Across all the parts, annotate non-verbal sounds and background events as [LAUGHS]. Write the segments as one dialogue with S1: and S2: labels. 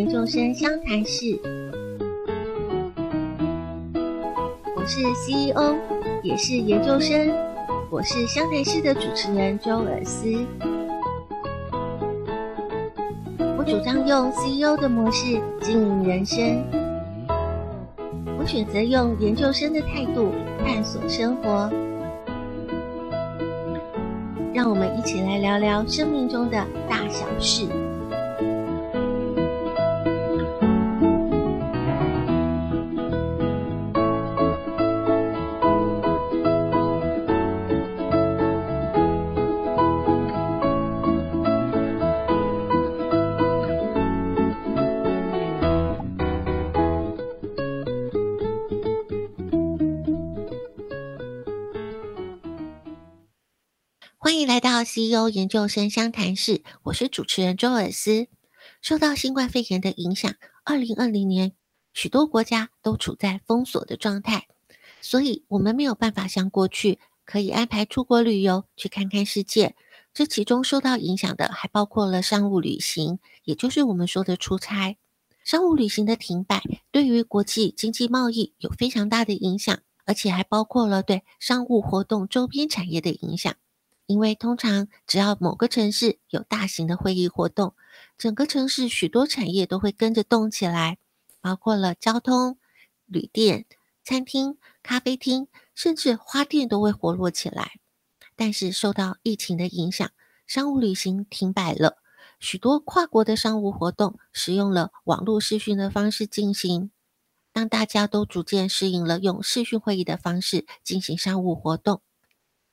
S1: 研究生相談室，我是 CEO，也是研究生，我是相談室的主持人周爾斯。我主張用 CEO 的模式經營人生，我選擇用研究生的態度探索生活。讓我們一起來聊聊生命中的大小事。
S2: CEO 研究生相談室，我是主持人周爾斯。受到新冠肺炎的影響，二零二零年許多國家都處在封鎖的狀態，所以我們沒有辦法像過去可以安排出國旅遊去看看世界。這其中受到影響的還包括了商務旅行，也就是我們說的出差。商務旅行的停擺對於國際經濟貿易有非常大的影響，而且還包括了對商務活動周邊產業的影響。因為通常，只要某個城市有大型的會議活動，整個城市許多產業都會跟着動起來，包括了交通、旅店、餐廳、咖啡廳，甚至花店都會活絡起來。但是受到疫情的影響，商務旅行停擺了，許多跨國的商務活動使用了網絡視訊的方式進行。當大家都逐漸適應了用視訊會議的方式進行商務活動，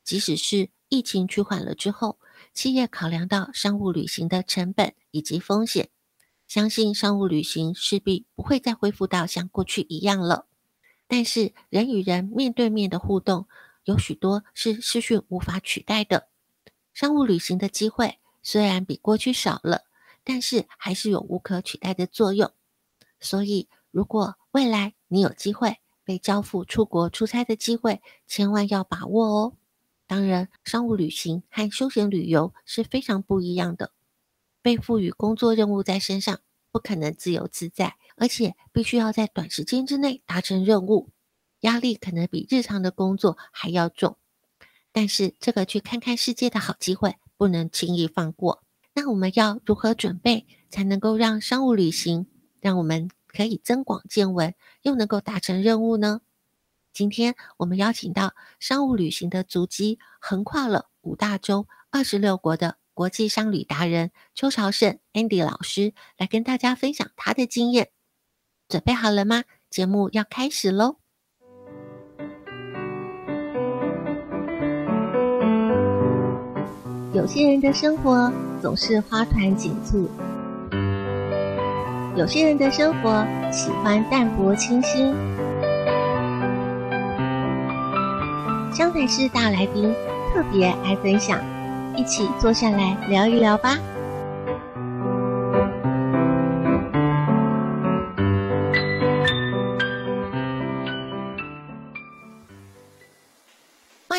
S2: 即使是疫情趨緩了之後，企業考量到商務旅行的成本以及風險，相信商務旅行勢必不會再恢復到像過去一樣了。但是，人與人面對面的互動，有許多是視訊無法取代的。商務旅行的機會雖然比過去少了，但是還是有無可取代的作用。所以，如果未來你有機會被交付出國出差的機會，千萬要把握哦。當然，商務旅行和休閒旅遊是非常不一樣的。被賦予工作任務在身上，不可能自由自在，而且必須要在短時間之內達成任務，壓力可能比日常的工作還要重。但是，這個去看看世界的好機會不能輕易放過。那我們要如何準備，才能夠讓商務旅行，讓我們可以增廣見聞，又能夠達成任務呢？今天我們邀請到商務旅行的足跡橫跨了五大洲、二十六國的國際商旅達人邱朝聖 Andy 老師來跟大家分享他的經驗。準備好了嗎？節目要開始嘍！
S1: 有些人的生活總是花團錦簇，有些人的生活喜歡淡泊清新。相談室大來賓特別愛分享，一起坐下來聊一聊吧。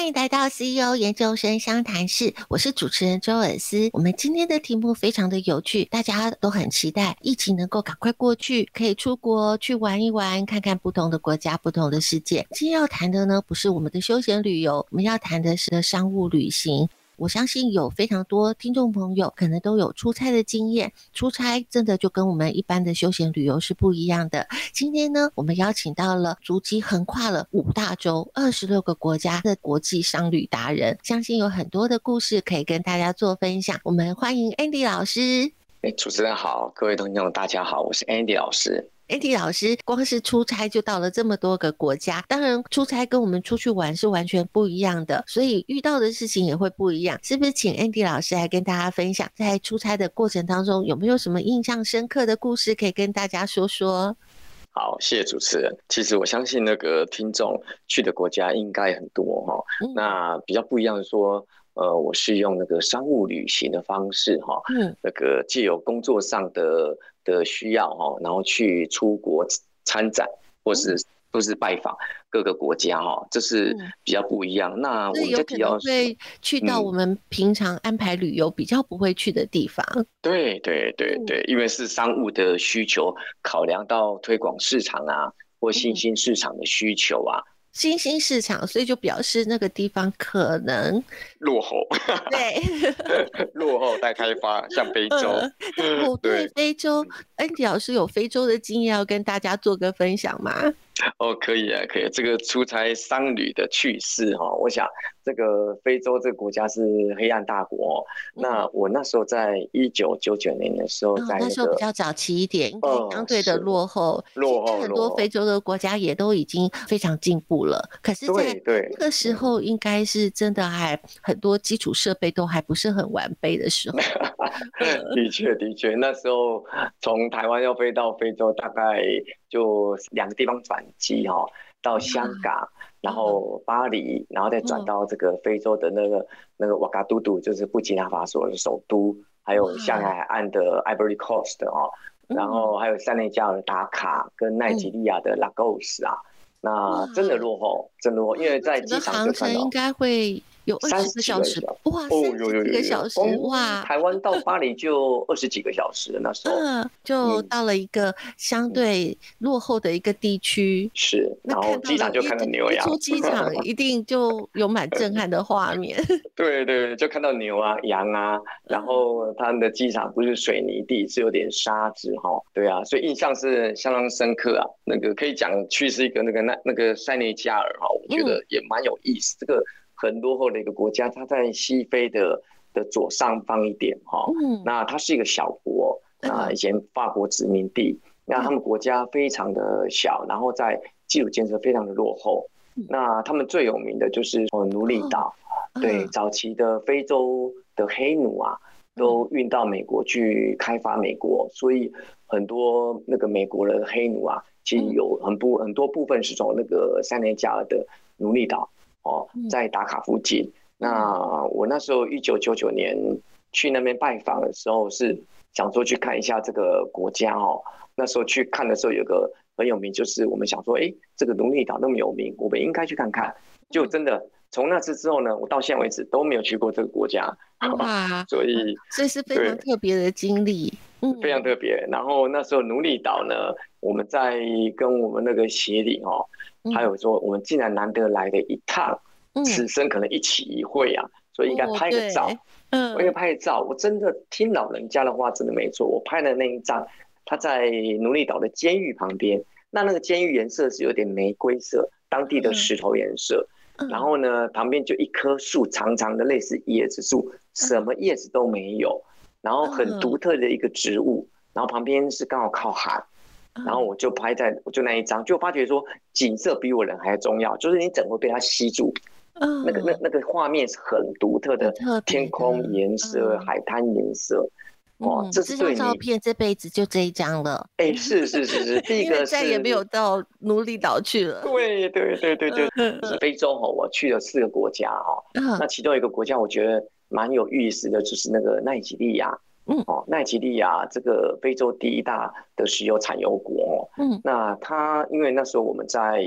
S2: 歡迎來到 CEO 研究生相談室，我是主持人周爾斯。我們今天的題目非常的有趣，大家都很期待，疫情能夠趕快過去，可以出國去玩一玩，看看不同的國家、不同的世界。今天要談的呢，不是我們的休閒旅遊，我們要談的是的商務旅行。我相信有非常多聽眾朋友可能都有出差的經驗，出差真的就跟我們一般的休閒旅遊是不一樣的。今天呢，我們邀請到了足跡橫跨了五大洲、二十六個國家的國際商旅達人，相信有很多的故事可以跟大家做分享。我們歡迎 Andy 老師。
S3: 哎，主持人好，各位同學們大家好，我是 Andy 老師。
S2: Andy 老師，光是出差就到了這麼多個國家，當然出差跟我們出去玩是完全不一樣的，所以遇到的事情也會不一樣，是不是？請 Andy 老師來跟大家分享，在出差的過程當中有沒有什麼印象深刻的故事可以跟大家說
S3: 說？好，謝謝主持人。其實我相信那個聽眾去的國家應該很多哈、哦，嗯、那比較不一樣的說。呃，我是用那個商務旅行的方式哈，嗯、那個既有工作上的的需要哈，然後去出國參展或是、嗯、或是拜訪各個國家哈，這是比較不一樣。嗯、那我們有可能會
S2: 去到我們平常安排旅遊比較不會去的地方。
S3: 對、嗯、對對對，嗯、因為是商務的需求，考量，到推廣市場啊，或新興市場的需求啊。嗯
S2: 新興市場，所以就表示那個地方可能
S3: 落後。對， [LAUGHS] 落後待開發，像非洲。對，
S2: 非洲，安迪老師有非洲的經驗，要跟大家做個分享嗎？
S3: 哦，oh, 可以啊，可以。這個出差商旅的趣事哈，我想這個非洲這個國家是黑暗大國。Mm hmm. 那我那時候在一九九九年的時候在、那個哦，那時候比較
S2: 早期一點，應該相對的落後。落後。現在很多非洲的國家也都已經非常進步了，後可是，在那個時候應該是真的還很多基礎設備都還不是很完備的
S3: 時候。 [LAUGHS] [LAUGHS] 的確，的確，那時候從台灣要飛到非洲，大概就兩個地方轉。到香港，嗯啊、然後巴黎，嗯啊、然後再轉到這個非洲的那個那個瓦加杜杜，嗯啊、就是布吉納法索的首都，嗯啊、還有象牙海岸的 Ivory Coast、嗯啊、然後還有塞內加爾達卡跟奈及利亞的 Lagos、嗯、啊，啊，那真的落後，真的落後，嗯啊、因為在機場就看
S2: 到。有二十四小時哇，有
S3: 有。三十幾個小時哇！台灣到巴黎就二十幾個小時，小
S2: 時 [LAUGHS] 那時候，嗯，就到了一個相對落後的一個地區，
S3: 是。然後機場就看到牛羊，出機場
S2: 一定就有蠻震撼的畫面。
S3: [LAUGHS] 對,對對，就看到牛啊、羊啊，然後他們的機場不是水泥地，是有點沙子哈。對啊，所以印象是相當深刻啊。那個可以講去是一個那個那那個塞內加爾哈，我覺得也蠻有意思這個。嗯很落後的一個國家，它在西非的的左上方一點哈，嗯、那它是一個小國啊，以前法國殖民地，嗯、那他們國家非常的小，然後在基礎建設非常的落後，嗯、那他們最有名的就是奴隸島哦，奴隸島，對，哦、早期的非洲的黑奴啊，都運到美國去開發美國，所以很多那個美國的黑奴啊，其實有很多很多部分是從那個塞內加爾的奴隸島。哦，在達卡附近。嗯、那我那時候一九九九年去那邊拜訪的時候，是想說去看一下這個國家哦、喔。那時候去看的時候，有個很有名，就是我們想說，哎、欸，這個奴隸島那麼有名，我們應該去看看。嗯、就真的從那次之後呢，我到現在為止都沒有去過這個國家，
S2: 好吧哇？
S3: 所以，這是非常
S2: 特別的經歷。
S3: 非常特別。然後那時候奴隸島呢，我們在跟我們那個協理哦，還、嗯、有說我們竟然難得來的一趟，嗯、此生可能一期一會啊，嗯、所以應該拍個照。哦、嗯，我應該拍個照。我真的聽老人家的話，真的沒錯。我拍的那一張，它在奴隸島的監獄旁邊。那那個監獄顏色是有點玫瑰色，當地的石頭顏色。嗯、然後呢，嗯、旁邊就一棵樹，長長的，類似椰子樹，什麼葉子都沒有。嗯嗯然後很獨特的一個植物，然後旁邊是剛好靠海，然後我就拍在我就那一張，就發覺說景色比我人還要重要，就是你整個被它吸住。那個那那個畫面是很獨特的天空顏色、海灘顏色，哇！這張照
S2: 片這輩子就這一張了。哎，是是是是，因為再也沒有到奴隸島去了。對
S3: 對對對對，非洲吼，我去了四個國家哈，那其中一個國家我覺得。蠻有意思的，就是那個奈吉利亞，嗯，哦，奈吉利亞這個非洲第一大的石油產油國，嗯，那它因為那時候我們在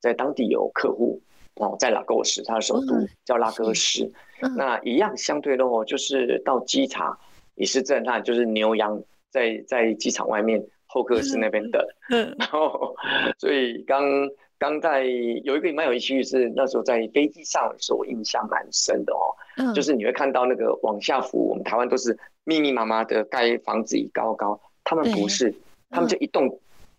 S3: 在當地有客戶，哦，在拉各斯，它的首都、嗯、叫拉各斯，嗯嗯、那一樣相對的話，就是到機場也是震撼，嗯、就是牛羊在在機場外面候客室那邊等嗯，嗯，然後所以剛。剛在有一個也蠻有趣，是那時候在飛機上，說我印象蠻深的哦，就是你會看到那個往下俯，我們台灣都是密密麻麻的蓋房子一高高，他們不是，他們就一棟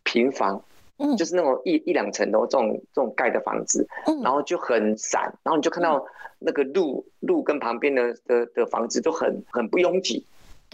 S3: 平房，嗯，就是那種一一兩層的這種這種蓋的房子，然後就很散，然後你就看到那個路路跟旁邊的的的房子都很很不擁擠。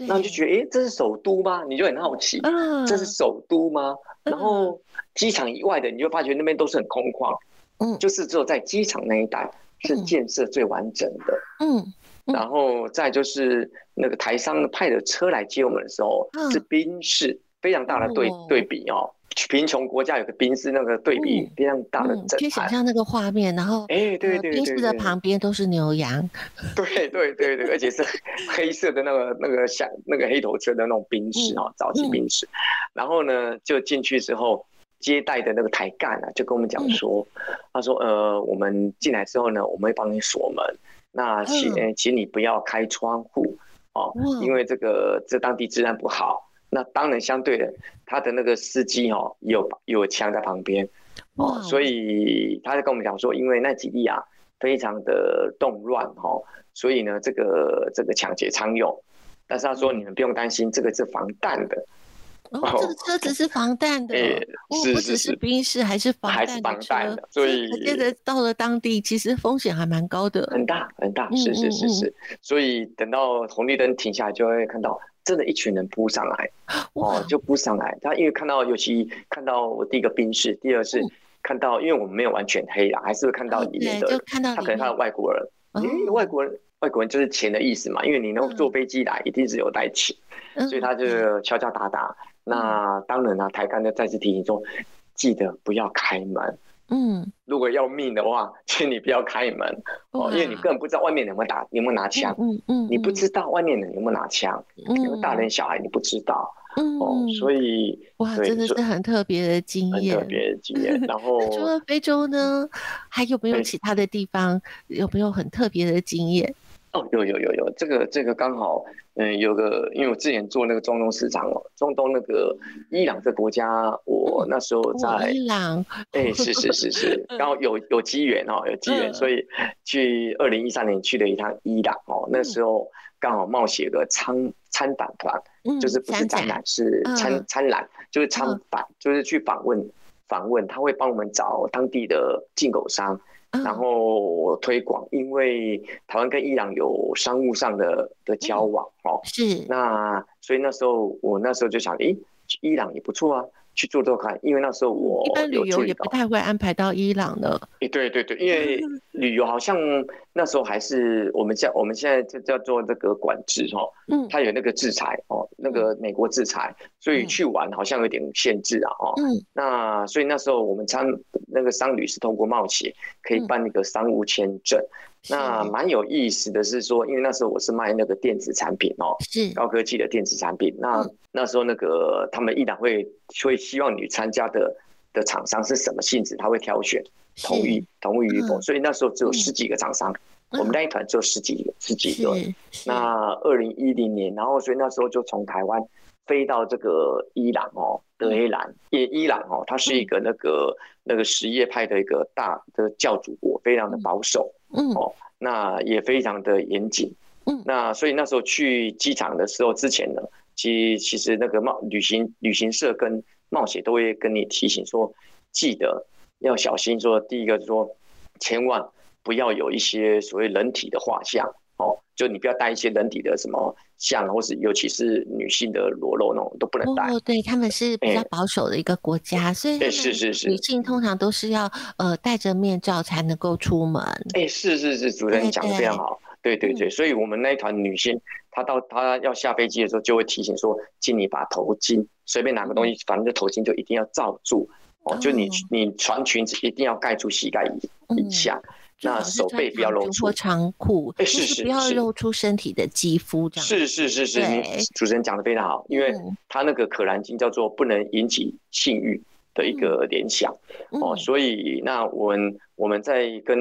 S3: 那你就覺得，哎、欸，這是首都嗎？你就很好奇，嗯、這是首都嗎？然後機場以外的，你就發覺那邊都是很空曠，嗯，就是只有在機場那一帶是建設最完整的，嗯，嗯嗯，然後再就是那個台商派的車來接我們的時候，是賓士，非常大的對、嗯、對比哦。貧窮國家有個賓士，那個對比非常大的震撼。可以、嗯
S2: 嗯、想象那個畫面，然後哎、欸，對對對賓士的旁邊都是牛羊。
S3: 對對對， [LAUGHS] 對對對，而且是黑色的那個那個像那個黑頭車的那種賓士哦，早期賓士。嗯嗯、然後呢，就進去之後接待的那個台幹啊，就跟我們講說，嗯、他說呃，我們進來之後呢，我們會幫你鎖門，那請請你不要開窗戶、嗯、哦，哇因為這個這當地治安不好。那當然，相對的，他的那個司機哈、哦、有也有槍在旁邊 Wow. 哦，所以他在跟我們講說，因為奈及利亞啊非常的動亂哦，所以呢這個這個搶劫常有，但是他說你們不用擔心，這個是防彈的、嗯，哦，
S2: 哦這個車子是防彈的，不只是兵室是是是，還是防彈
S3: 的。所以他接
S2: 着到了當地其實風險還蠻高的，很大很大，是是是是，嗯嗯
S3: 嗯所以等到紅綠燈停下來就會看到。真的，一群人撲上來，哇哦，就撲上來。他因為看到，尤其看到我第一個賓士，嗯、第二是看到，因為我們沒有完全黑了，還是看到裡面的。Okay, 就看到裡面他可能他的外國人，嗯、因為外國人，外國人就是錢的意思嘛。因為你能坐飛機來，嗯、一定是有帶錢，所以他就敲敲打打。嗯嗯、那當然啊，台幹就再次提醒說，記得不要開門。嗯，如果要命的話，請你不要開門哇哦，因為你根本不知道外面能不能打，有沒有拿槍、嗯。嗯嗯，你不知道外面有沒有拿槍，嗯、有大人小孩你不知道。嗯、哦，所以哇，對真的是很特
S2: 別的經驗，很特別的經驗。然後 [LAUGHS] 除了非洲呢，還有沒有其他的地方？有沒有很特別的經驗？
S3: 有有有有，這個這個剛好，嗯，有個，因為我之前做那個中東市場哦，中東那個伊朗這個國家，我那時候在伊朗，
S2: 哎，是是是是，
S3: 剛好有有機緣哦，有機緣，所以去二零一三年去了一趟伊朗哦，那時候剛好冒險個參參訪團，就是不是展覽是參參覽，就是參訪，就是去訪問訪問，他會幫我們找當地的進口商。然後我推廣，因為台灣跟伊朗有商務上的的交往，哦、嗯、是，那所以那時候我那時候就想，誒，伊朗也不錯啊。去做做看，因為那時候我一般旅遊也
S2: 不太會安排到伊朗的。
S3: 欸、對對對，因為旅遊好像那時候還是我們叫我們現在就叫做這個管制哦，嗯，它有那個制裁哦，那個美國制裁，嗯、所以去玩好像有點限制啊，哦，嗯，那所以那時候我們參那個商旅是通過冒險可以辦那個商務簽證。那蠻有意思的是說，因為那時候我是賣那個電子產品哦、喔，高科技的電子產品那。那、嗯、那時候那個他們伊朗會會希望你參加的的廠商是什麼性質，他會挑選，是同意同意與否。嗯、所以那時候只有十幾個廠商，嗯、我們那一團只有十幾個、嗯、十幾個。幾個是那二零一零年，然後所以那時候就從台灣飛到這個伊朗哦、喔，德黑蘭也伊朗哦，嗯、伊朗喔、它是一個那個那個什葉派的一個大的教主國，非常的保守。嗯，哦，那也非常的嚴謹。嗯，那所以那時候去機場的時候之前呢，其其實那個冒旅行旅行社跟冒險都會跟你提醒說，記得要小心說，第一個就是說，千萬不要有一些所謂人體的畫像。哦，就你不要戴一些人體的什麼像，或是尤其是女性的裸露那種都不能戴，
S2: 哦。對他們是比較保守的一個國
S3: 家，欸、所以是是是，女
S2: 性通常都是要呃戴着面罩才能夠出門。
S3: 哎、欸，是是是，對對對是是主持人講的非常好，對對對，嗯、所以我們那一團女性，她到她要下飛機的時候，就會提醒說，請你把頭巾，隨便拿個東西，嗯、反正就頭巾就一定要罩住。嗯、哦，就你你穿裙子一定要蓋住膝蓋以以下。嗯那手背不要露出，穿
S2: 長褲，欸、是是是，就是不要露出身體的肌膚，這樣
S3: 是是是是。對主持人講得非常好，因為他那個可蘭經叫做不能引起性欲的一個聯想、嗯、哦，所以那我們我們在跟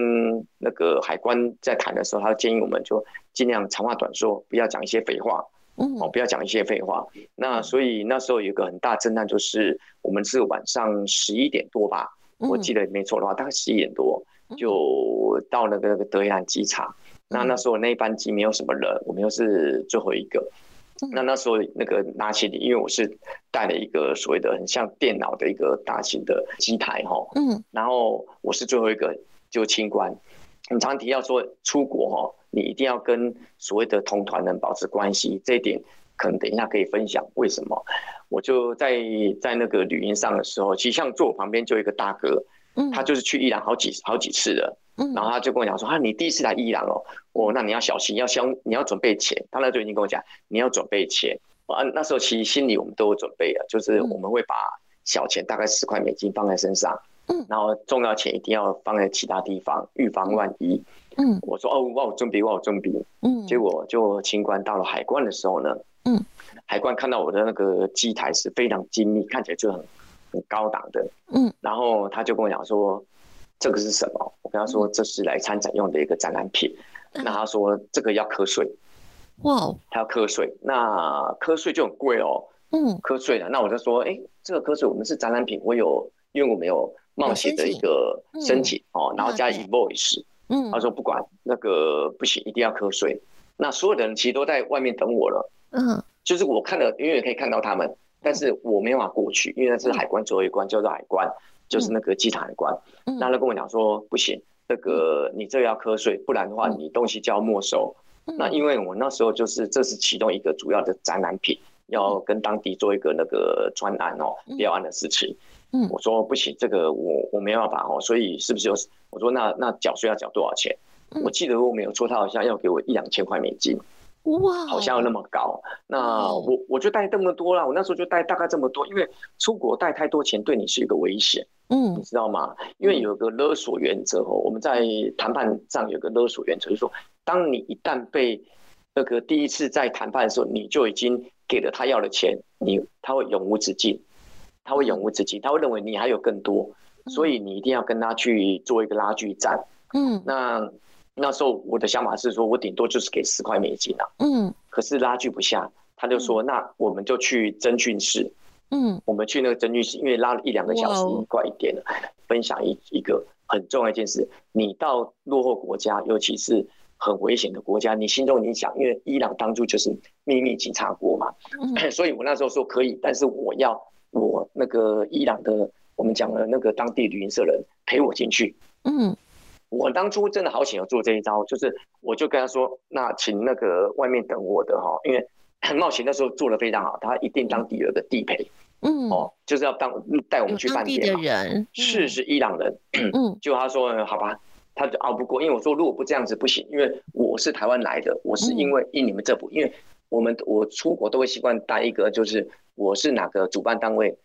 S3: 那個海關在談的時候，他建議我們就盡量長話短說，不要講一些廢話，嗯、哦，不要講一些廢話。嗯、那所以那時候有個很大震撼，就是我們是晚上十一點多吧，嗯、我記得沒錯的話，大概十一點多。就到了那個德黑蘭機場，那、嗯、那時候那班機沒有什麼人，我們又是最後一個。那、嗯、那時候那個拿行李，因為我是帶了一個所謂的很像電腦的一個大型的機台哈。嗯。然後我是最後一個，就清關。你常，常提到說出國哈，你一定要跟所謂的同團人保持關係，這一點可能等一下可以分享。為什麼？我就在在那個旅營上的時候，其實像坐我旁邊就一個大哥。他就是去伊朗好幾好幾次的，然後他就跟我講說、嗯啊：“你第一次來伊朗哦，哦，那你要小心，要相，你要準備錢。”他那時候已經跟我講，你要準備錢、啊、那時候其實心裡我們都有準備的，就是我們會把小錢大概十塊美金放在身上，嗯，然後重要錢一定要放在其他地方，預防萬一。嗯，我說：“哦，我有準備，我有準備。”嗯，結果就清關到了海關的時候呢，嗯，海關看到我的那個機台是非常精密，看起來就很。很高檔的，嗯，然後他就跟我講說，這個是什麼？我跟他說這是來參展用的一個展覽品。那他說這個要瞌睡，哇，他要瞌睡，那瞌睡就很貴哦，嗯，瞌睡了，那我就說，哎，這個瞌睡我們是展覽品，我有，因為我們有冒險的一個申請哦，然後加以 voice，嗯，他說不管那個不行，一定要瞌睡。那所有的人其實都在外面等我了，嗯，就是我看了遠遠可以看到他們。但是我沒辦法過去，因為那是海關最後一關，叫做海關，就是那個機場海關、嗯。嗯、那他跟我講說，不行，那個你這個要課稅，不然的話你東西就要沒收。那因為我那時候就是這是啟動一個主要的展覽品，要跟當地做一個那個專案哦，調案的事情。我說不行，這個我我沒辦法哦、喔，所以是不是有？我說那那繳稅要繳多少錢？我記得我沒有錯，他好像要給我一兩千塊美金。哇，wow, 好像有那麼高。那我我就帶這麼多了，我那時候就帶大概這麼多，因為出國帶太多錢對你是一個危險，嗯，你知道嗎？因為有個勒索原則哦，嗯，我們在談判上有個勒索原則，就是說，當你一旦被那個第一次在談判的時候，你就已經給了他要的錢，你他會永無止境，他會永無止境，他會認為你還有更多，所以你一定要跟他去做一個拉鋸戰，嗯，那。那時候我的想法是說，我頂多就是給十塊美金了、啊、嗯。可是拉鋸不下，他就說：“嗯、那我們就去偵訊室。”嗯。我們去那個偵訊室，因為拉了一兩個小時，快、哦、一點了。分享一一個很重要一件事：你到落後國家，尤其是很危險的國家，你心中你想，因為伊朗當初就是祕密警察國嘛。嗯、所以我那時候說可以，但是我要我那個伊朗的，我們講的那個當地旅行社人陪我進去。嗯。我當初真的好想要做這一招，就是我就跟他說：“那請那個外面等我的哈，因為冒險那時候做的非常好，他一定當地有個地陪，嗯，哦，就是要當帶我們去飯店。是是伊朗人，嗯，就他說、嗯、好吧，他就拗、啊、不過，因為我說如果不這樣子不行，因為我是台灣來的，我是因為因你們這部、嗯、因為我們我出國都會習慣帶一個，就是我是哪個主辦單位。”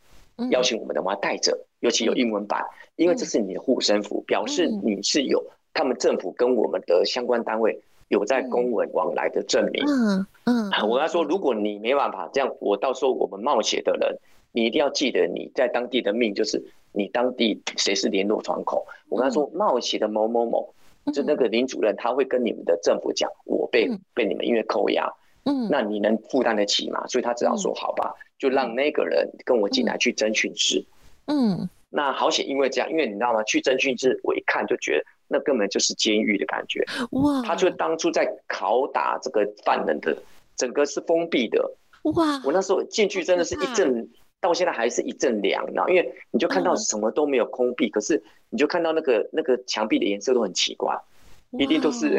S3: 邀請我們的，我要帶着，尤其有英文版，嗯、因為這是你的護身符，嗯、表示你是有他們政府跟我們的相關單位有在公文往來的證明。嗯嗯、啊，我跟他說，如果你沒辦法這樣，我到時候我們冒險的人，你一定要記得你在當地的命，就是你當地誰是聯絡窗口。我跟他說，冒險的某某某，就那個林主任，他會跟你們的政府講，我被被你們因為扣押。嗯，那你能負擔得起嗎？所以他只要說：“好吧，嗯、就讓那個人跟我進來去偵訊室。嗯”
S4: 嗯，
S3: 那好險，因為這樣，因為你知道嗎？去偵訊室，我一看就覺得那根本就是監獄的感覺。哇！他就當初在拷打這個犯人的，整個是封閉的。哇！我那時候進去真的是一陣，到現在還是一陣涼呢。因為你就看到什麼都沒有，空壁，嗯、可是你就看到那個那個牆壁的顏色都很奇怪。一定都是，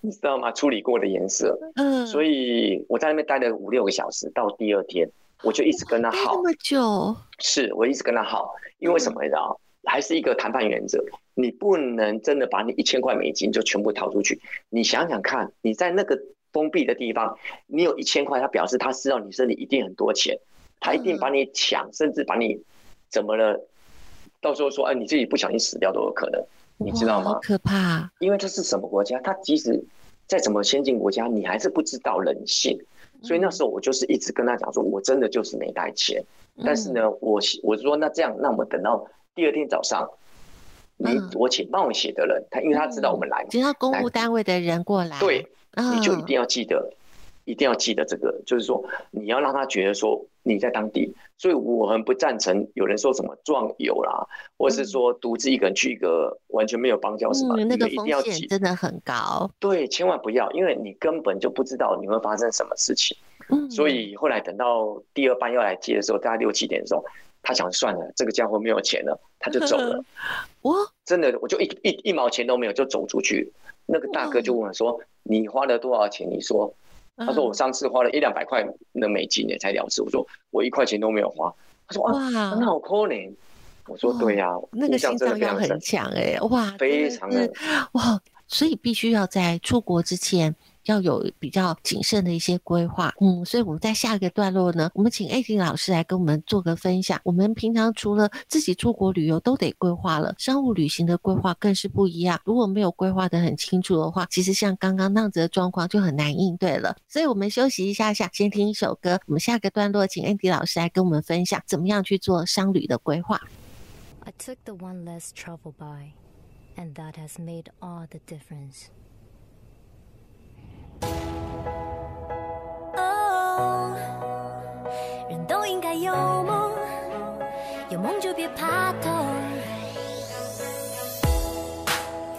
S3: 你知道嗎？處理過的顏色，嗯，所以我在那邊待了五六個小時，到第二天我就一直跟他耗，這麼久，是我一直跟他耗，因為什麼你知道？還是一個談判原則，你不能真的把你一千塊美金就全部掏出去。你想想看，你在那個封閉的地方，你有一千塊，他表示他知道你這裡一定很多錢，他一定把你搶，甚至把你怎麼了？到時候說，哎，你自己不小心死掉都有可能。
S2: Wow, 你知道嗎？可怕，
S3: 因為這是什麼國家？他即使再怎麼先進國家，你還是不知道人性。所以那時候我就是一直跟他講說，我真的就是沒帶錢。嗯、但是呢，我我說那這樣，那我們等到第二天早上，嗯、你我請幫我寫的人，他、嗯、因為他知道我們來，只要公務單位的人過來，來對，嗯、你就一定要記得。一定要記得這個，就是說你要讓他覺得說你在當地，所以我很不贊成有人說什麼壯遊啦，嗯、或是說獨自一個人去一個完全沒有幫教什麼，那個風險真的很高。對，千萬不要，對因為你根本就不知道你會發生什麼事情。嗯、所以後來等到第二班要來接的時候，大概六七點的時候，他想算了，這個家伙沒有錢了，他就走了。呵呵哇真的，我就一一一毛錢都沒有就走出去，那個大哥就問說：“哇你花了多少錢？”你說。他說我上次花了一兩百塊的美金也、嗯、才了事。我說我一塊錢都沒有花。他說、啊、哇，很好摳呢。我說對呀、啊，那個心臟要很
S2: 強誒，哇，非常的、嗯、哇，所以必須要在出國之前。要有比較謹慎的一些規劃、嗯、所以我們在下一個段落呢，我們請 Andy 老師來跟我們做個分享。我們平常除了自己出國旅遊都得規劃了，商務旅行的規劃更是不一樣，如果沒有規劃的很清楚的話，其實像剛剛那樣子的狀況就很難應對了，所以我們休息一下下，先聽一首歌，我們下個段落請 Andy 老師來跟我們分享怎麼樣去做商旅的規劃。
S5: I took the one less trouble by and that has made all the difference 哦、so。人都應該有夢，有夢就別怕痛。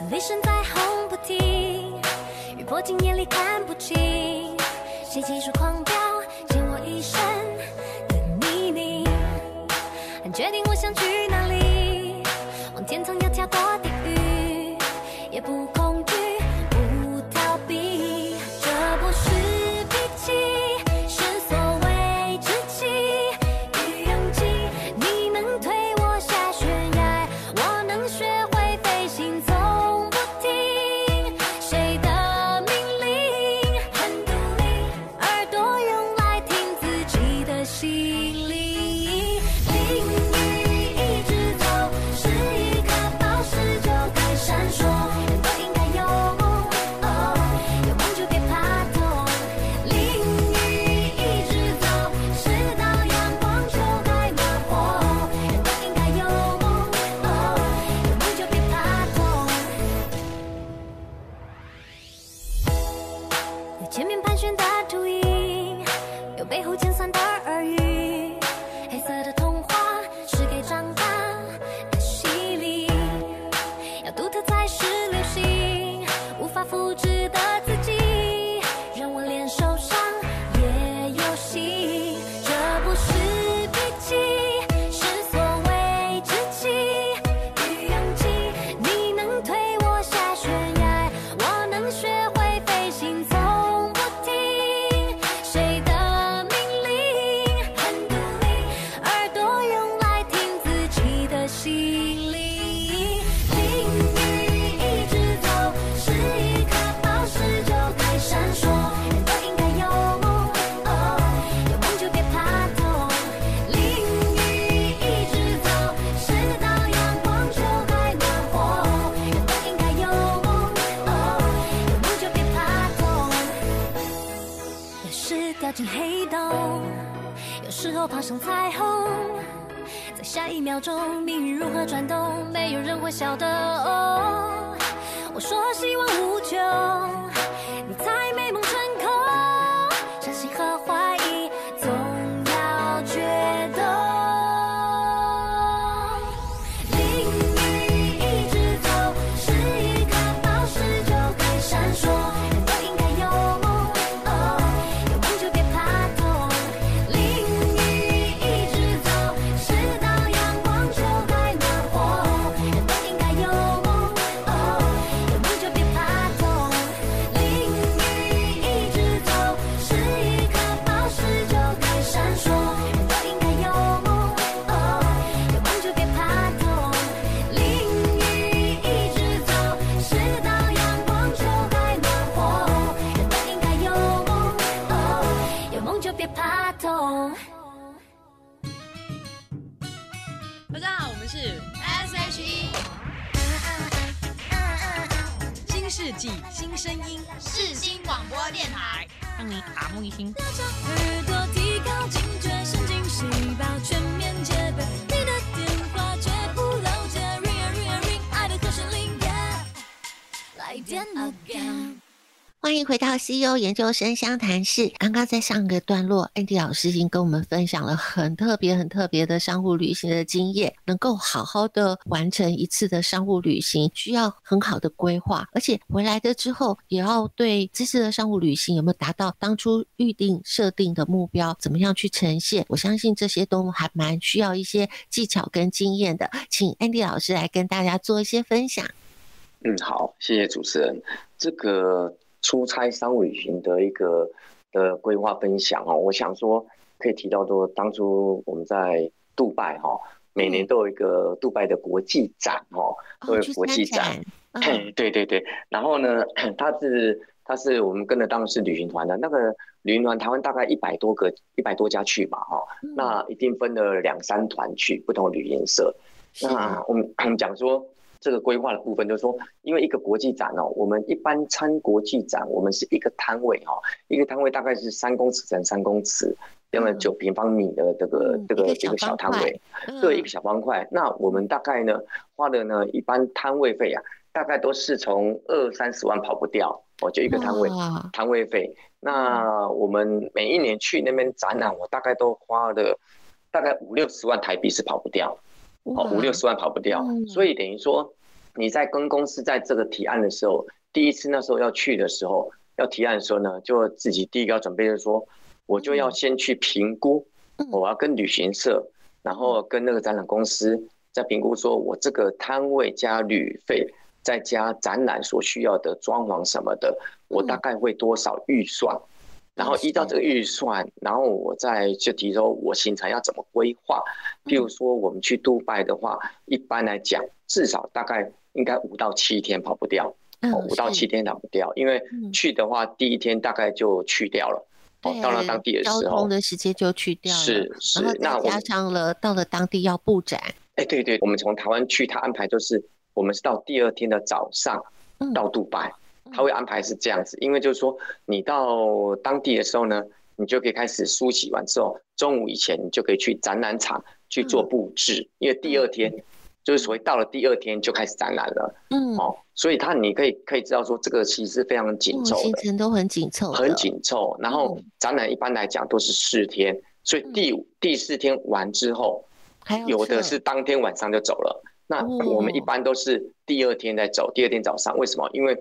S5: 有雷聲在轟不停，雨潑進眼裡看不清，誰急速狂飆？
S6: 大家好，我們是 S H E，新世紀新聲音，世新廣播電台，讓你耳目一新。
S2: 歡迎回到 CEO 研究生相談室。剛剛在上個段落，安迪老師已經跟我們分享了很特別、很特別的商務旅行的經驗。能夠好好的完成一次的商務旅行，需要很好的規劃，而且回來的之後，也要對這次的商務旅行有沒有達到當初預定設定的目標，怎麼樣去呈現？我相信這些都還蠻需要一些技巧跟經驗的。請安迪老師來跟大家做一些分享。
S3: 嗯，好，謝謝主持人。這個。出差商務旅行的一個的規劃分享哦，我想說可以提到說，當初我們在杜拜哈、哦，每年都有一個杜拜的國際展哦，都有國際展，對對對，然後呢，他是他是我們跟着當時旅行團的那個旅行團，台灣大概一百多個一百多家去吧哈、哦，那一定分了兩三團去不同的旅行社，那我們講說。這個規劃的部分，就是說，因為一個國際展哦，我們一般參國際展，我們是一個攤位哈、哦，一個攤位大概是三公尺乘三公尺，約莫九平方米的這個這個一個小攤位，對，一個小方塊、嗯。啊、那我們大概呢，花的呢，一般攤位費啊，大概都是從二三十萬跑不掉、哦，我就一個攤位、啊、攤位費。那我們每一年去那邊展覽、啊，我大概都花了大概五六十萬台幣是跑不掉。哦，五六十萬跑不掉，所以等於說你在跟公司在這個提案的時候，第一次那時候要去的時候要提案的時候呢，就自己第一個要準備就是說，我就要先去評估，我要跟旅行社，然後跟那個展覽公司再評估，說我這個攤位加旅費，再加展覽所需要的裝潢什麼的，我大概會多少預算。然後依照這個預算，然後我再去提出我行程要怎麼規劃。譬如說，我們去杜拜的話，一般來講至少大概應該五到七天跑不掉。嗯。五到七天跑不掉，因為去的話第一天大概就去掉了。到了當地的時候。交通的
S2: 時間就去掉了。是是，是。那我那加上了到了當地要布展。
S3: 哎、欸，對對，我們從台灣去，他安排就是我們是到第二天的早上到杜拜。他會安排是這樣子，因為就是說，你到當地的時候呢，你就可以開始梳洗完之後，中午以前你就可以去展覽場去做布置，嗯、因為第二天、嗯、就是所謂到了第二天就開始展覽
S4: 了。嗯，
S3: 哦，所以他你可以可以知道說，這個其實是非常緊湊的、哦，行程都很緊湊，很緊湊。然後展覽一般來講都是四天，嗯、所以第第四天完之後，
S2: 嗯、有的
S3: 是當天晚上就走了。那我們一般都是第二天再走，嗯、第二天早上為什麼？因為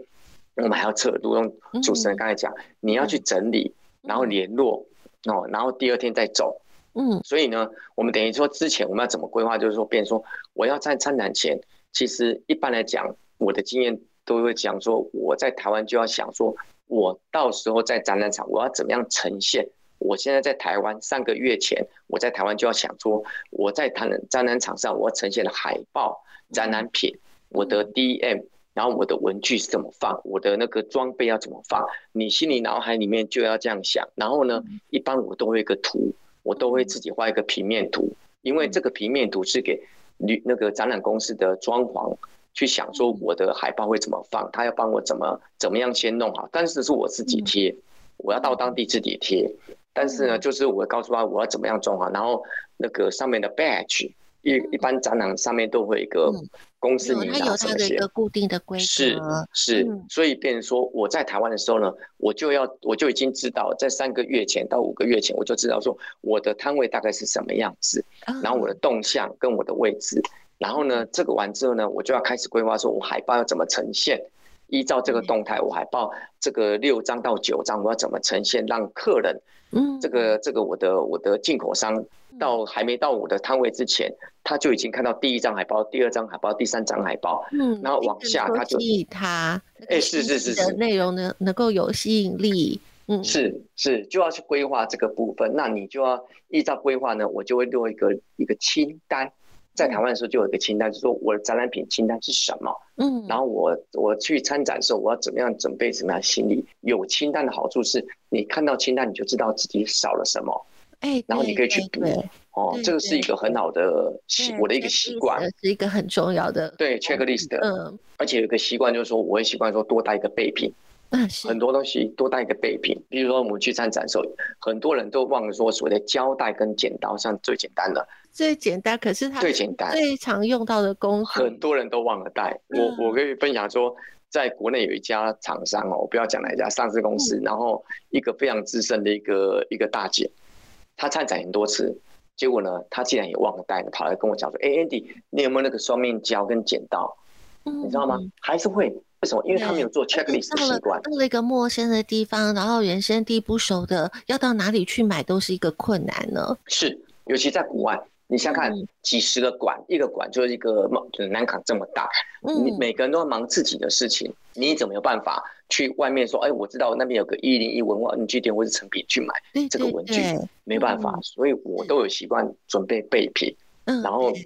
S3: 我們還要測，如同主持人剛才講，你要去整理，然後聯絡，哦，然後第二天再走。嗯，所以呢，我們等於說之前我們要怎麼規劃，就是說，變說我要在展覽前，其實一般來講，我的經驗都會講說，我在台灣就要想說，我到時候在展覽場我要怎麼樣呈現？我現在在台灣三個月前，我在台灣就要想說，我在展覽展覽場上我要呈現的海報、展覽品、我的 DM。然後我的文具是怎麼放，我的那個裝備要怎麼放，你心裡腦海裡面就要這樣想。然後呢，一般我都會一個圖，我都會自己畫一個平面圖，因為這個平面圖是給那個展覽公司的裝潢去想說我的海報會怎麼放，他要幫我怎麼怎麼樣先弄好。但是是我自己貼，我要到當地自己貼。但是呢，就是我告訴他我要怎麼樣裝潢，然後那個上面的 badge。一、嗯、一般展覽上面都會有一個公司領導什麼的，它、嗯哦、有他的一
S2: 個固定的規則。是
S3: 是，嗯、所以變成說，我在台灣的時候呢，我就要我就已經知道，在三個月前到五個月前，我就知道說我的攤位大概是什麼樣子，然後我的動向跟我的位置，然後呢這個完之後呢，我就要開始規劃說，我海報要怎麼呈現，依照這個動態，我海報這個六張到九張，我要怎麼呈現，讓客人，嗯，這個這個我的我的進口商、嗯。嗯到還沒到我的攤位之前，他就已經看到第一張海報、第二張海報、第三張海報，嗯，然後往下他就他哎、嗯欸，是是是
S2: 內容呢能夠有吸引力，嗯，
S3: 是是，就要去規劃這個部分。嗯、那你就要依照規劃呢，我就會做一個一個清單。在台灣的時候就有一個清單，嗯、就說我的展覽品清單是什麼，嗯，然後我我去參展的時候我要怎麼樣準備、怎麼樣心理。有清單的好處是，你看到清單你就知道自己少了什麼。然後你可以去讀哦，這個是一個很好的習我的一個習慣，這
S2: 是一個很重要的
S3: 對 Checklist。嗯，而且有個習慣就是說，我也習慣說多帶一個備品。嗯，很多東西多帶一個備品，比如說我們去參展的時候，很多人都忘了說所謂的膠帶跟剪刀，像最簡單的
S2: 最簡單，可是它最簡單最常用到的工，很
S3: 多人都忘了帶。我我可以分享說，在國內有一家廠商哦，我不要講哪一家上市公司，然後一個非常資深的一個一個大姐。他參展很多次，結果呢，他竟然也忘了帶，跑來跟我講說：“哎、欸，Andy，你有沒有那個雙面膠跟剪刀？嗯、
S2: 你知道嗎？
S3: 還是會。為什麼？因為他沒有做 checklist 的習慣。嗯、到了到
S2: 了一個陌生的地方，然後人生地不熟的，要到哪裡去買都是一個困難呢。
S3: 是，尤其在國外。”你想想看，幾十個館，嗯、一個館就是一個，就是南港這麼大，嗯、你每個人都要忙自己的事情，你怎麼有辦法去外面說，哎、欸，我知道那邊有個一零一文具店，或是成品去買這個文具，嗯、沒辦法，嗯、所以我都有習慣準備備品，嗯、然後，嗯、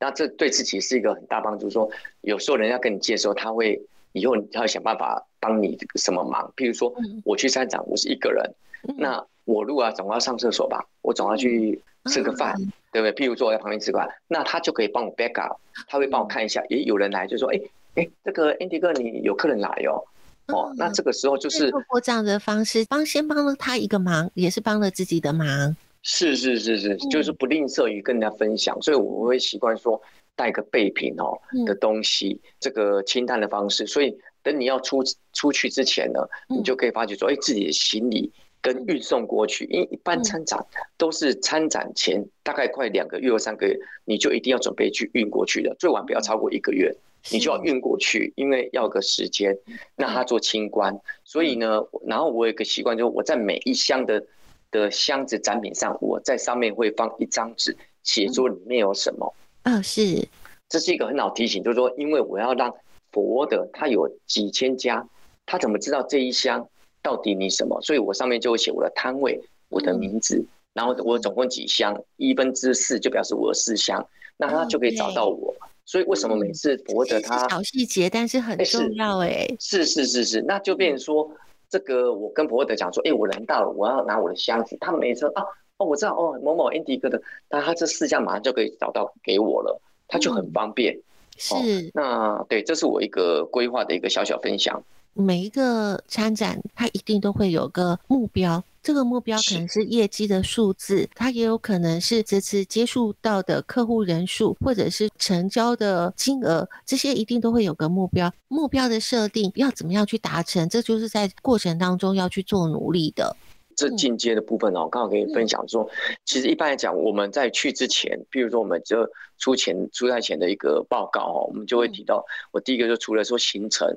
S3: 那這對自己是一個很大幫助。就是、說有時候人家跟你借的時候，他會以後他會想辦法幫你什麼忙。譬如說，我去山場，我是一個人，嗯、那我如果總要上廁所吧，嗯、我總要去吃個飯。嗯 okay，對不對？譬如坐在旁邊吃飯，那他就可以幫我 back up，他會幫我看一下。嗯、也有人來就說：“哎、欸、哎、欸，這個 Andy 哥，你有客人來哦、喔。嗯”哦、喔，那這個時候就是通
S2: 過這樣的方式幫先幫了他一個忙，也是幫了自己的忙。
S3: 是是是是，就是不吝嗇於跟人家分享。嗯、所以我會習慣說帶個備品哦、喔、的東西，嗯、這個清淡的方式。所以等你要出出去之前呢，你就可以發覺說：“哎、嗯欸，自己的行李。”跟運送過去，因為一般參展都是參展前大概快兩個月或三個月，你就一定要準備去運過去的，最晚不要超過一個月，你就要運過去，因為要個時間，那他做清關，所以呢，然後我有一個習慣，就是我在每一箱的的箱子展品上，我在上面會放一張紙，寫說裡面有什麼，哦是，這是一個很好提醒，就是說，因為我要讓佛的他有幾千家，他怎麼知道這一箱？到底你什麼？所以我上面就會寫我的攤位、嗯、我的名字，然後我總共幾箱，嗯、一分之四就表示我的四箱，嗯、那他就可以找到我。嗯、所以為什麼每次博德他
S2: 好細節，但是很重要哎，
S3: 是是是是，那就變成說，這個我跟博德講說，哎、欸，我人到了，我要拿我的箱子，他每次啊哦，我知道哦，某某 Andy 哥的，那他這四箱馬上就可以找到給我了，他就很方便。嗯哦、是，是那對，這是我一個規劃的一個小小分享。
S2: 每一個參展，它一定都會有個目標。這個目標可能是業績的數字，是它也有可能是這次接觸到的客戶人數，或者是成交的金額。這些一定都會有個目標。目標的設定要怎麼樣去達成，這就是在過程當中要去做努力的。嗯、
S3: 這進階的部分呢、喔，我剛好給你分享說，嗯、其實一般來講，我們在去之前，比如說我們就出前出賽前的一個報告哦、喔，我們就會提到，我第一個就除了說行程。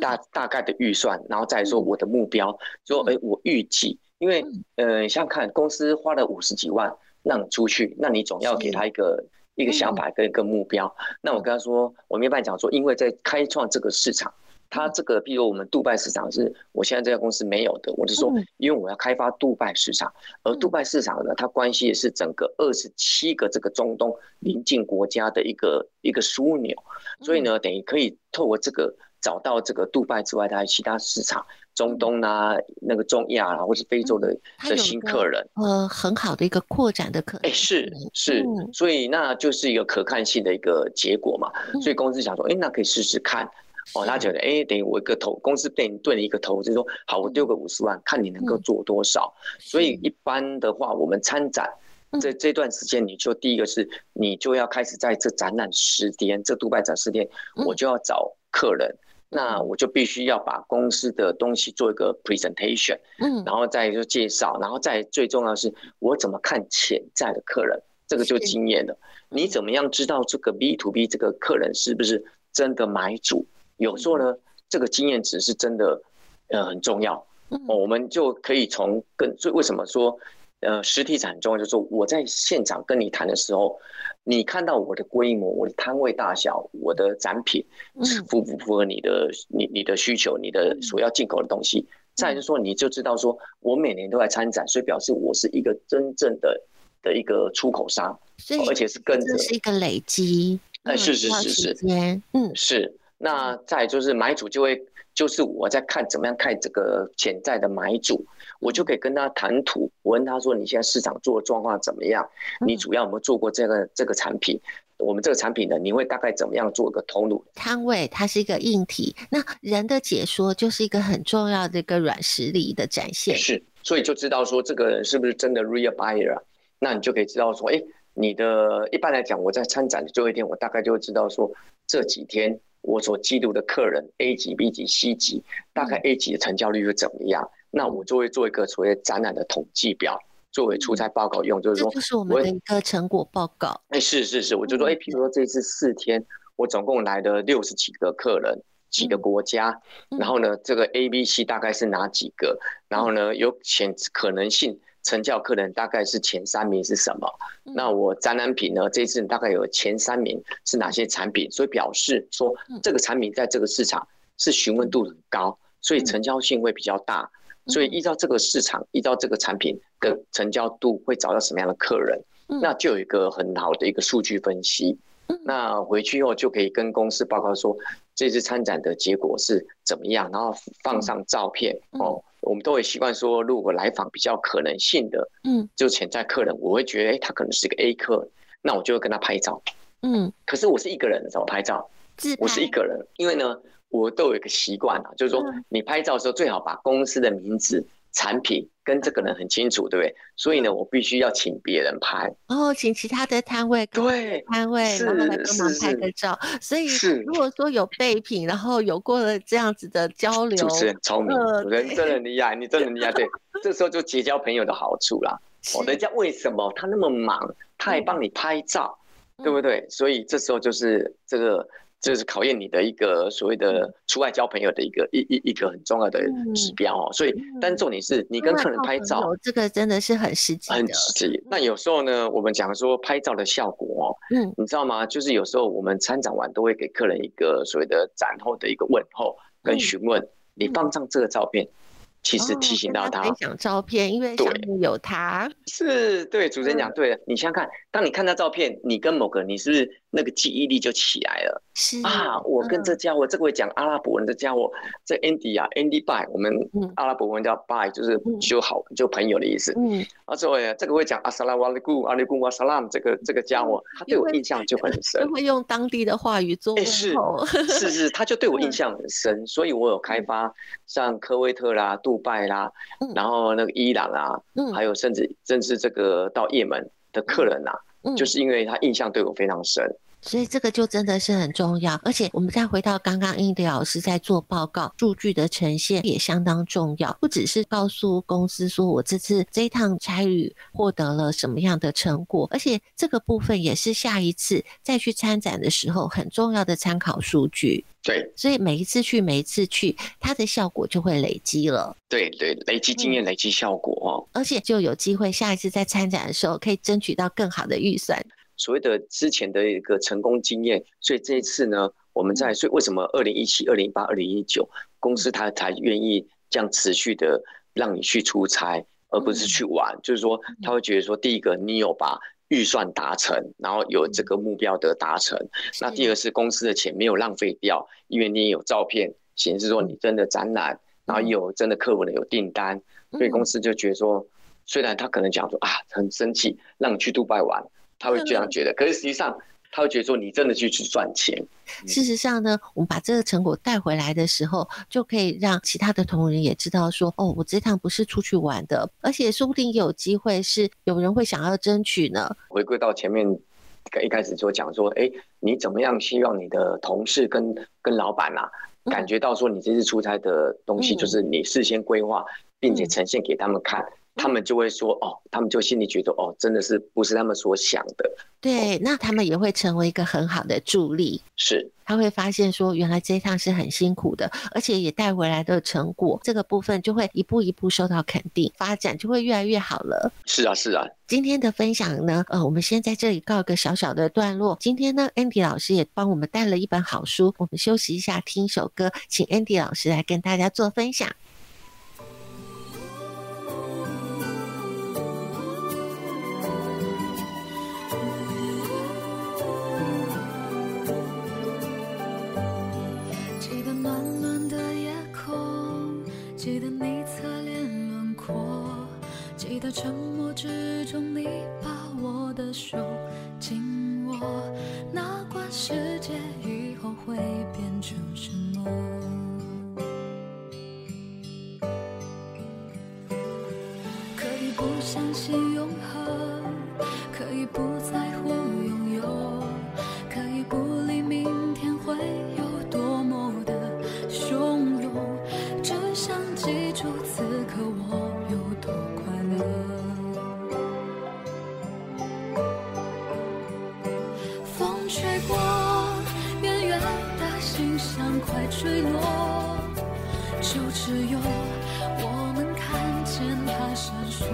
S3: 大大概的預算，然後再說我的目標。說，哎，我預計，因為，呃，想看，公司花了五十幾萬讓出去，那你總要給他一個一個想法跟一個目標。那我跟他說，我沒辦法講說，因為在開創這個市場，它這個，譬如我們杜拜市場是我現在這家公司沒有的。我是說，因為我要開發杜拜市場，而杜拜市場呢，它關係是整個二十七個這個中東鄰近國家的一個一個樞紐，所以呢，等於可以透過這個。找到這個杜拜之外，它還有其他市場，中東啊，那個中亞，啊，或是非洲的的新客人，
S2: 呃，很好的一個擴展的客
S3: 人，哎、欸，是是，所以那就是一個可看性的一個結果嘛。嗯、所以公司想說，哎、欸，那可以試試看。哦，他是覺得，哎、欸，等於我一個投公司被對對一個投資說，好，我丟個五十萬，看你能夠做多少。嗯、所以一般的話，我們參展這這段時間，你就第一個是、嗯、你就要開始在這展覽十天，這杜拜展十天，嗯、我就要找客人。那我就必須要把公司的東西做一個 presentation，嗯，然後再就介紹，然後再最重要的是我怎麼看潛在的客人，這個就經驗了。你怎麼樣知道這個 B to B 這個客人是不是真的買主？有時候呢，這個經驗值是真的，呃，很重要。哦，我們就可以從更，所以為什麼說？呃，實體展中，就是說我在現場跟你談的時候，你看到我的規模、我的攤位大小、我的展品符不符合你的、嗯、你你的需求、你的所要進口的東西，嗯、再就是說你就知道說我每年都在參展，所以表示我是一個真正的的一個出口商，哦、而且是跟着是一
S2: 個累積，哎，嗯、是是是是，嗯，
S3: 是那，再就是買主就會就是我在看怎麼樣看這個潛在的買主。我就可以跟他談吐，我問他說：“你現在市場做的狀況怎麼樣？嗯、你主要有沒有做過這個這個產品？我們這個產品呢，你會大概怎麼樣做一個通路？
S2: 攤位它是一個硬體，那人的解說就是一個很重要的一個軟實力的展現。是，
S3: 所以就知道說這個人是不是真的 real buyer，啊。嗯、那你就可以知道說，哎、欸，你的一般來講，我在參展的最後一天，我大概就會知道說，這幾天我所記錄的客人 A 級、B 級、C 級，大概 A 級的成交率會怎麼樣？”嗯那我就會做一個所謂展覽的統計表，作為出差報告用，嗯、就是說，這就是我們的
S2: 一個成果報告。
S3: 哎、欸，是是是，我就說，哎、欸，譬如說這次四天，我總共來了六十幾個客人，幾個國家，嗯、然後呢，這個 A、B、C 大概是哪幾個？嗯、然後呢，有前可能性成交客人大概是前三名是什麼？嗯、那我展覽品呢，這次大概有前三名是哪些產品？所以表示說，這個產品在這個市場是詢問度很高，所以成交性會比較大。嗯嗯所以依照這個市場，嗯、依照這個產品的成交度，會找到什麼樣的客人，嗯、那就有一個很好的一個數據分析。嗯、那回去以後就可以跟公司報告說這次參展的結果是怎麼樣，然後放上照片、嗯嗯、哦。我們都會習慣說，如果來訪比較可能性的，嗯，就潛在客人，嗯、我會覺得、欸、他可能是一個 A 客，那我就會跟他拍照。嗯，可是我是一個人怎麼拍照？自拍。我是一個人，因為呢。我都有一個習慣啊，就是說你拍照的時候最好把公司的名字、嗯、產品跟這個人很清楚，對不對？所以呢，我必須要請別人拍、
S2: 哦，然後請其他的攤位，的攤位對攤位，然後來幫忙拍個照。是是，所以，如果說有備品，然後有過了這樣子的交流。是是，主持人聰明，主持、呃、人，真的很
S3: 厲害，你真的很厲害。 [LAUGHS] 對，這時候就結交朋友的好處啦。是人家為什麼他那麼忙，他還幫你拍照，嗯、對不對？所以這時候就是這個。這是考驗你的一個所謂的出外交朋友的一個一一、嗯、一個很重要的指標哦，所以但重點是你跟客人拍照奇
S2: 奇，嗯嗯、這個真的是很實際，很實
S3: 際。那有時候呢，我們講說拍照的效果哦，嗯，你知道嗎？就是有時候我們參展完都會給客人一個所謂的展後的一個問候跟詢問，嗯嗯、你放上這個照片。語音 olo 其實提醒到、哦、他，分享
S2: 照片，因為上面有他對，是
S3: 對主持人講，對了，ian, 對嗯、你想想看，當你看到照片，你跟某個你是，不是那個記憶力就起來了。是啊，嗯、我跟這家伙，cause, 這個會講阿拉伯文的家伙，這 Andy 啊，Andy Bye 我們阿拉伯文叫 By，、嗯、就是修好就好就朋友的意思。嗯，啊，這位這個會講 Assalamualaikum，Alaikum Wassalam，這個這個家伙，Work, 他對我印象就很深，會用當地
S2: 的話語做問候，哎、是是
S3: 是，他就對我印象很深，嗯、所以我有開發像科威特啦，杜。不敗啦，嗯、然後那個伊朗啊，嗯、還有甚至甚至這個到也門的客人啊，嗯、就是因為他印象對我非常深，
S2: 所以這個就真的是很重要。而且我們再回到剛剛 Andy 老師在做報告，數據的呈現也相當重要，不只是告訴公司說我這次這趟差旅獲得了什麼樣的成果，而且這個部分也是下一次再去參展的時候很重要的參考數據。對，所以每一次去，每一次去，它的效果就
S3: 會累積了。對對，累積經驗，對累積效果，哦，
S2: 而且就有機會下一次在參展的時候可以爭取到更好的預算。
S3: 所謂的之前的一個成功經驗，所以這一次呢，我們在，所以為什麼二零一七、二零一八、二零一九公司它才願意這樣持續的讓你去出差，而不是去玩，嗯、就是說他、嗯、會覺得說，第一個你有把。預算達成，然後有這個目標的達成，嗯、那第二是公司的錢沒有浪費掉，的因為你有照片顯示說你真的展覽，然後有真的客戶的有訂單，嗯嗯，所以公司就覺得說，雖然他可能講說啊很生氣，讓你去杜拜玩，他會這樣覺得，呵呵可是實際上。他會覺得說你真的去去賺錢。嗯、
S2: 事實上呢，我們把這個成果帶回來的時候，就可以讓其他的同仁也知道說，哦，我這趟不是出去玩的，而且說不定有機會是有人會想要爭取呢。
S3: 回歸到前面一開始就講說，哎、欸，你怎麼樣希望你的同事跟跟老闆啊，感覺到說你這次出差的東西，就是你事先規劃，嗯、並且呈現給他們看。他們就會說哦，他們就心裡覺得哦，真的是不是他們所想的？
S2: 對，哦、那他們也會成為一個很好的助力。是，他會發現說，原來這一趟是很辛苦的，而且也帶回來的成果這個部分就會一步一步受到肯定，發展就會越來越好了。
S3: 是啊，是啊。
S2: 今天的分享呢，呃，我們先在這裡告一個小小的段落。今天呢，Andy 老師也幫我們帶了一本好書，我們休息一下，聽一首歌，請 Andy 老師來跟大家做分享。
S7: 記得你側臉輪廓，記得沉默之中你把我的手緊握，哪管世界以後會變成什麼？ [NOISE] 可以不相信永恆，可以不在乎擁有，可以不理明天會。快墜落，就只有我能看見它閃爍，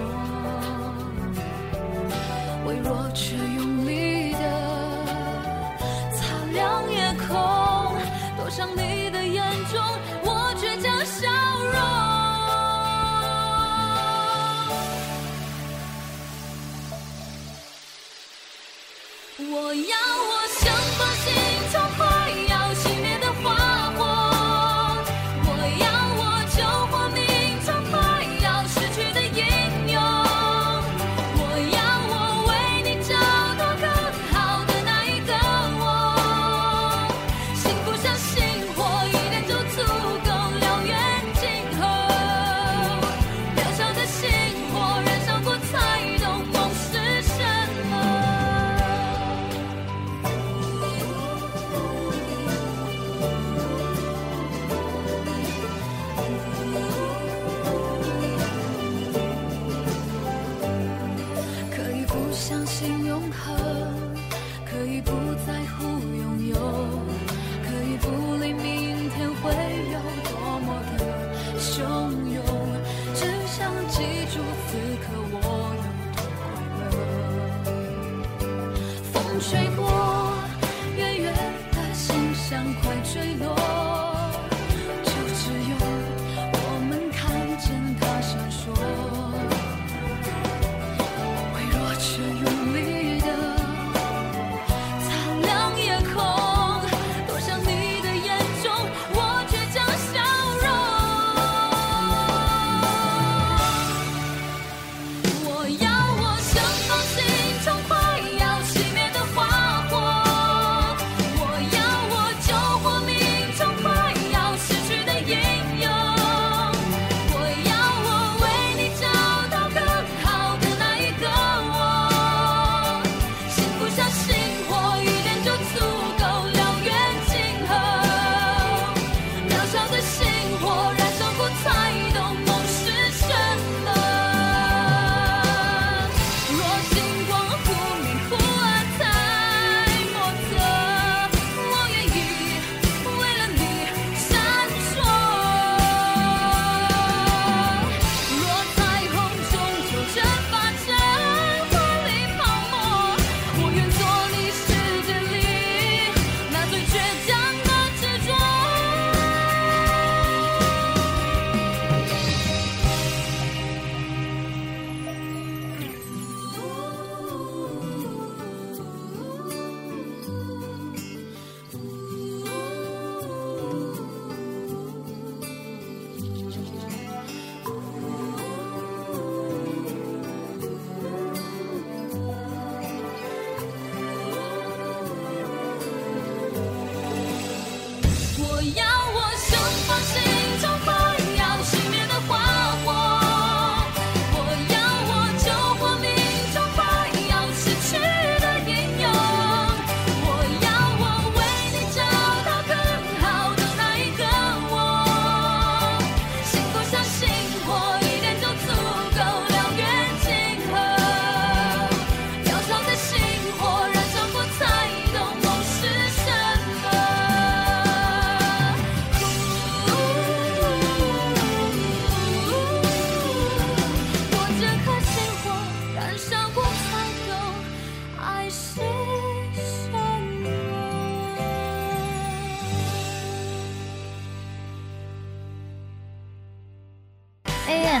S7: 微弱卻用力的擦亮
S6: 夜空，多像你的眼中我倔強笑容。我要我想，放心。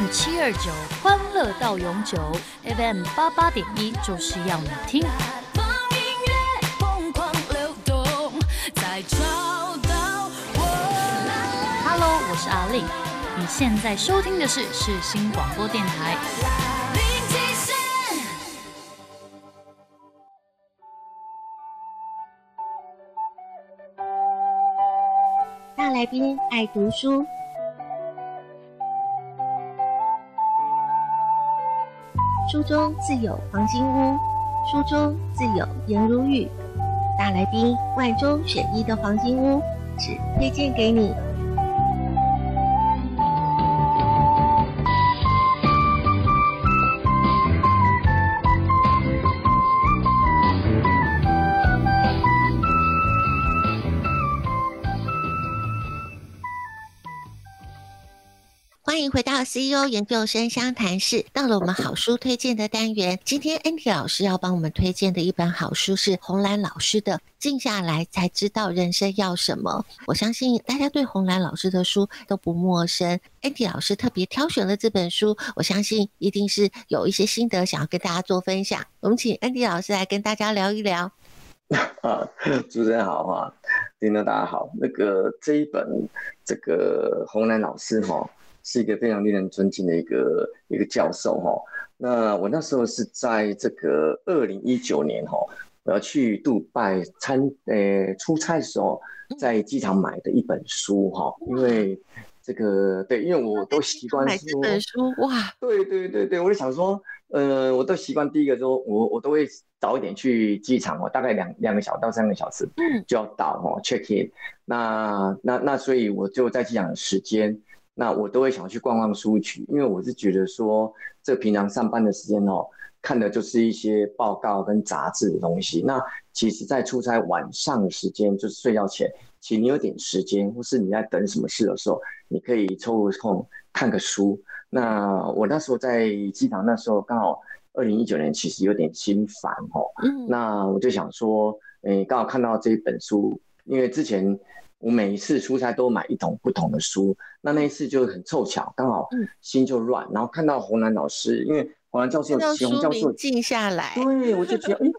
S5: 七二九歡樂到永久，FM 八八點一就是要你聽。我 Hello，我是阿麗，你現在收聽的是世新廣播電台。
S1: 大來賓愛讀書。書中自有黃金屋，書中自有顏如玉，大來賓萬中選一的黃金屋，只推薦給你。
S2: CEO 研究生相談室到了。我們好書推薦的單元，今天 Andy 老師要幫我們推薦的一本好書是洪蘭老師的《靜下來才知道人生要什麼》。我相信大家對洪蘭老師的書都不陌生。Andy 老師特別挑選了這本書，我相信一定是有一些心得想要跟大家做分享。我們請 Andy 老師來跟大家聊一聊。
S3: 啊，主持人好啊，聽到大家好。那個這一本這個洪蘭老師哈。是一個非常令人尊敬的一個一個教授哈。那我那時候是在這個二零一九年哈，我要去杜拜參、欸、出差的時候，在機場買的一本書哈。因為這個對，因為我都習慣買一本書哇。對對對對，我就想說，呃，我都習慣第一個說我我都會早一點去機場，大概兩兩個小時到三個小時就要到哦、嗯、Check in。那那那所以我就在機場的時間。那我都會想去逛逛書局，因為我是覺得說，這平常上班的時間哦，看的就是一些報告跟雜誌的東西。那其實，在出差晚上的時間，就是睡覺前，其實你有點時間，或是你在等什麼事的時候，你可以抽個空看個書。那我那時候在機場，那時候剛好二零一九年，其實有點心煩哦。嗯。那我就想說，誒，呃，剛好看到這一本書，因為之前。我每一次出差都買一桶不同的書，那那一次就很湊巧，剛好心就亂，嗯、然後看到洪蘭老師，因為洪蘭教授，洪教授靜下來，對，我就覺得哎，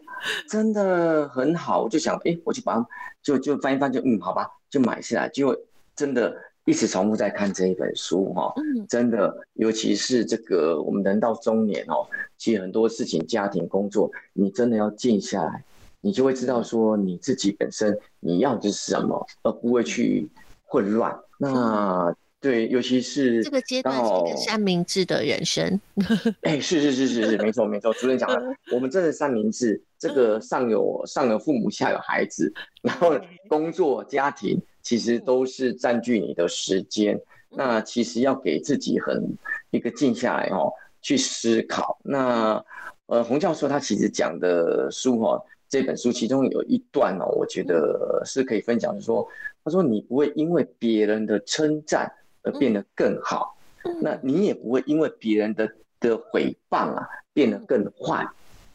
S3: 真的很好， [LAUGHS] 我就想誒，我去把它就把就就翻一翻，就嗯，好吧，就買下來，結果真的一直重複在看這一本書哈、哦，真的，尤其是這個我們人到中年哦，其實很多事情，家庭、工作，你真的要靜下來。你就會知道說你自己本身你要的是什麼，而不會去混亂。嗯、那對，尤其是這個階段是，三
S2: 明治的人生，
S3: 哎、 [LAUGHS] 欸，是是是是是，沒錯沒錯。 [LAUGHS] 主任講了， [LAUGHS] 我們這是三明治，這個上有 [LAUGHS] 上有父母，下有孩子，然後工作 [LAUGHS] 家庭其實都是佔據你的時間。嗯、那其實要給自己很一個靜下來哦，去思考。嗯、那呃，洪教授他其實講的書哦。這本書其中有一段哦，我覺得是可以分享的。說，他、嗯、說你不會因為別人的稱讚而變得更好，嗯、那你也不會因為別人的的誹謗啊變得更壞。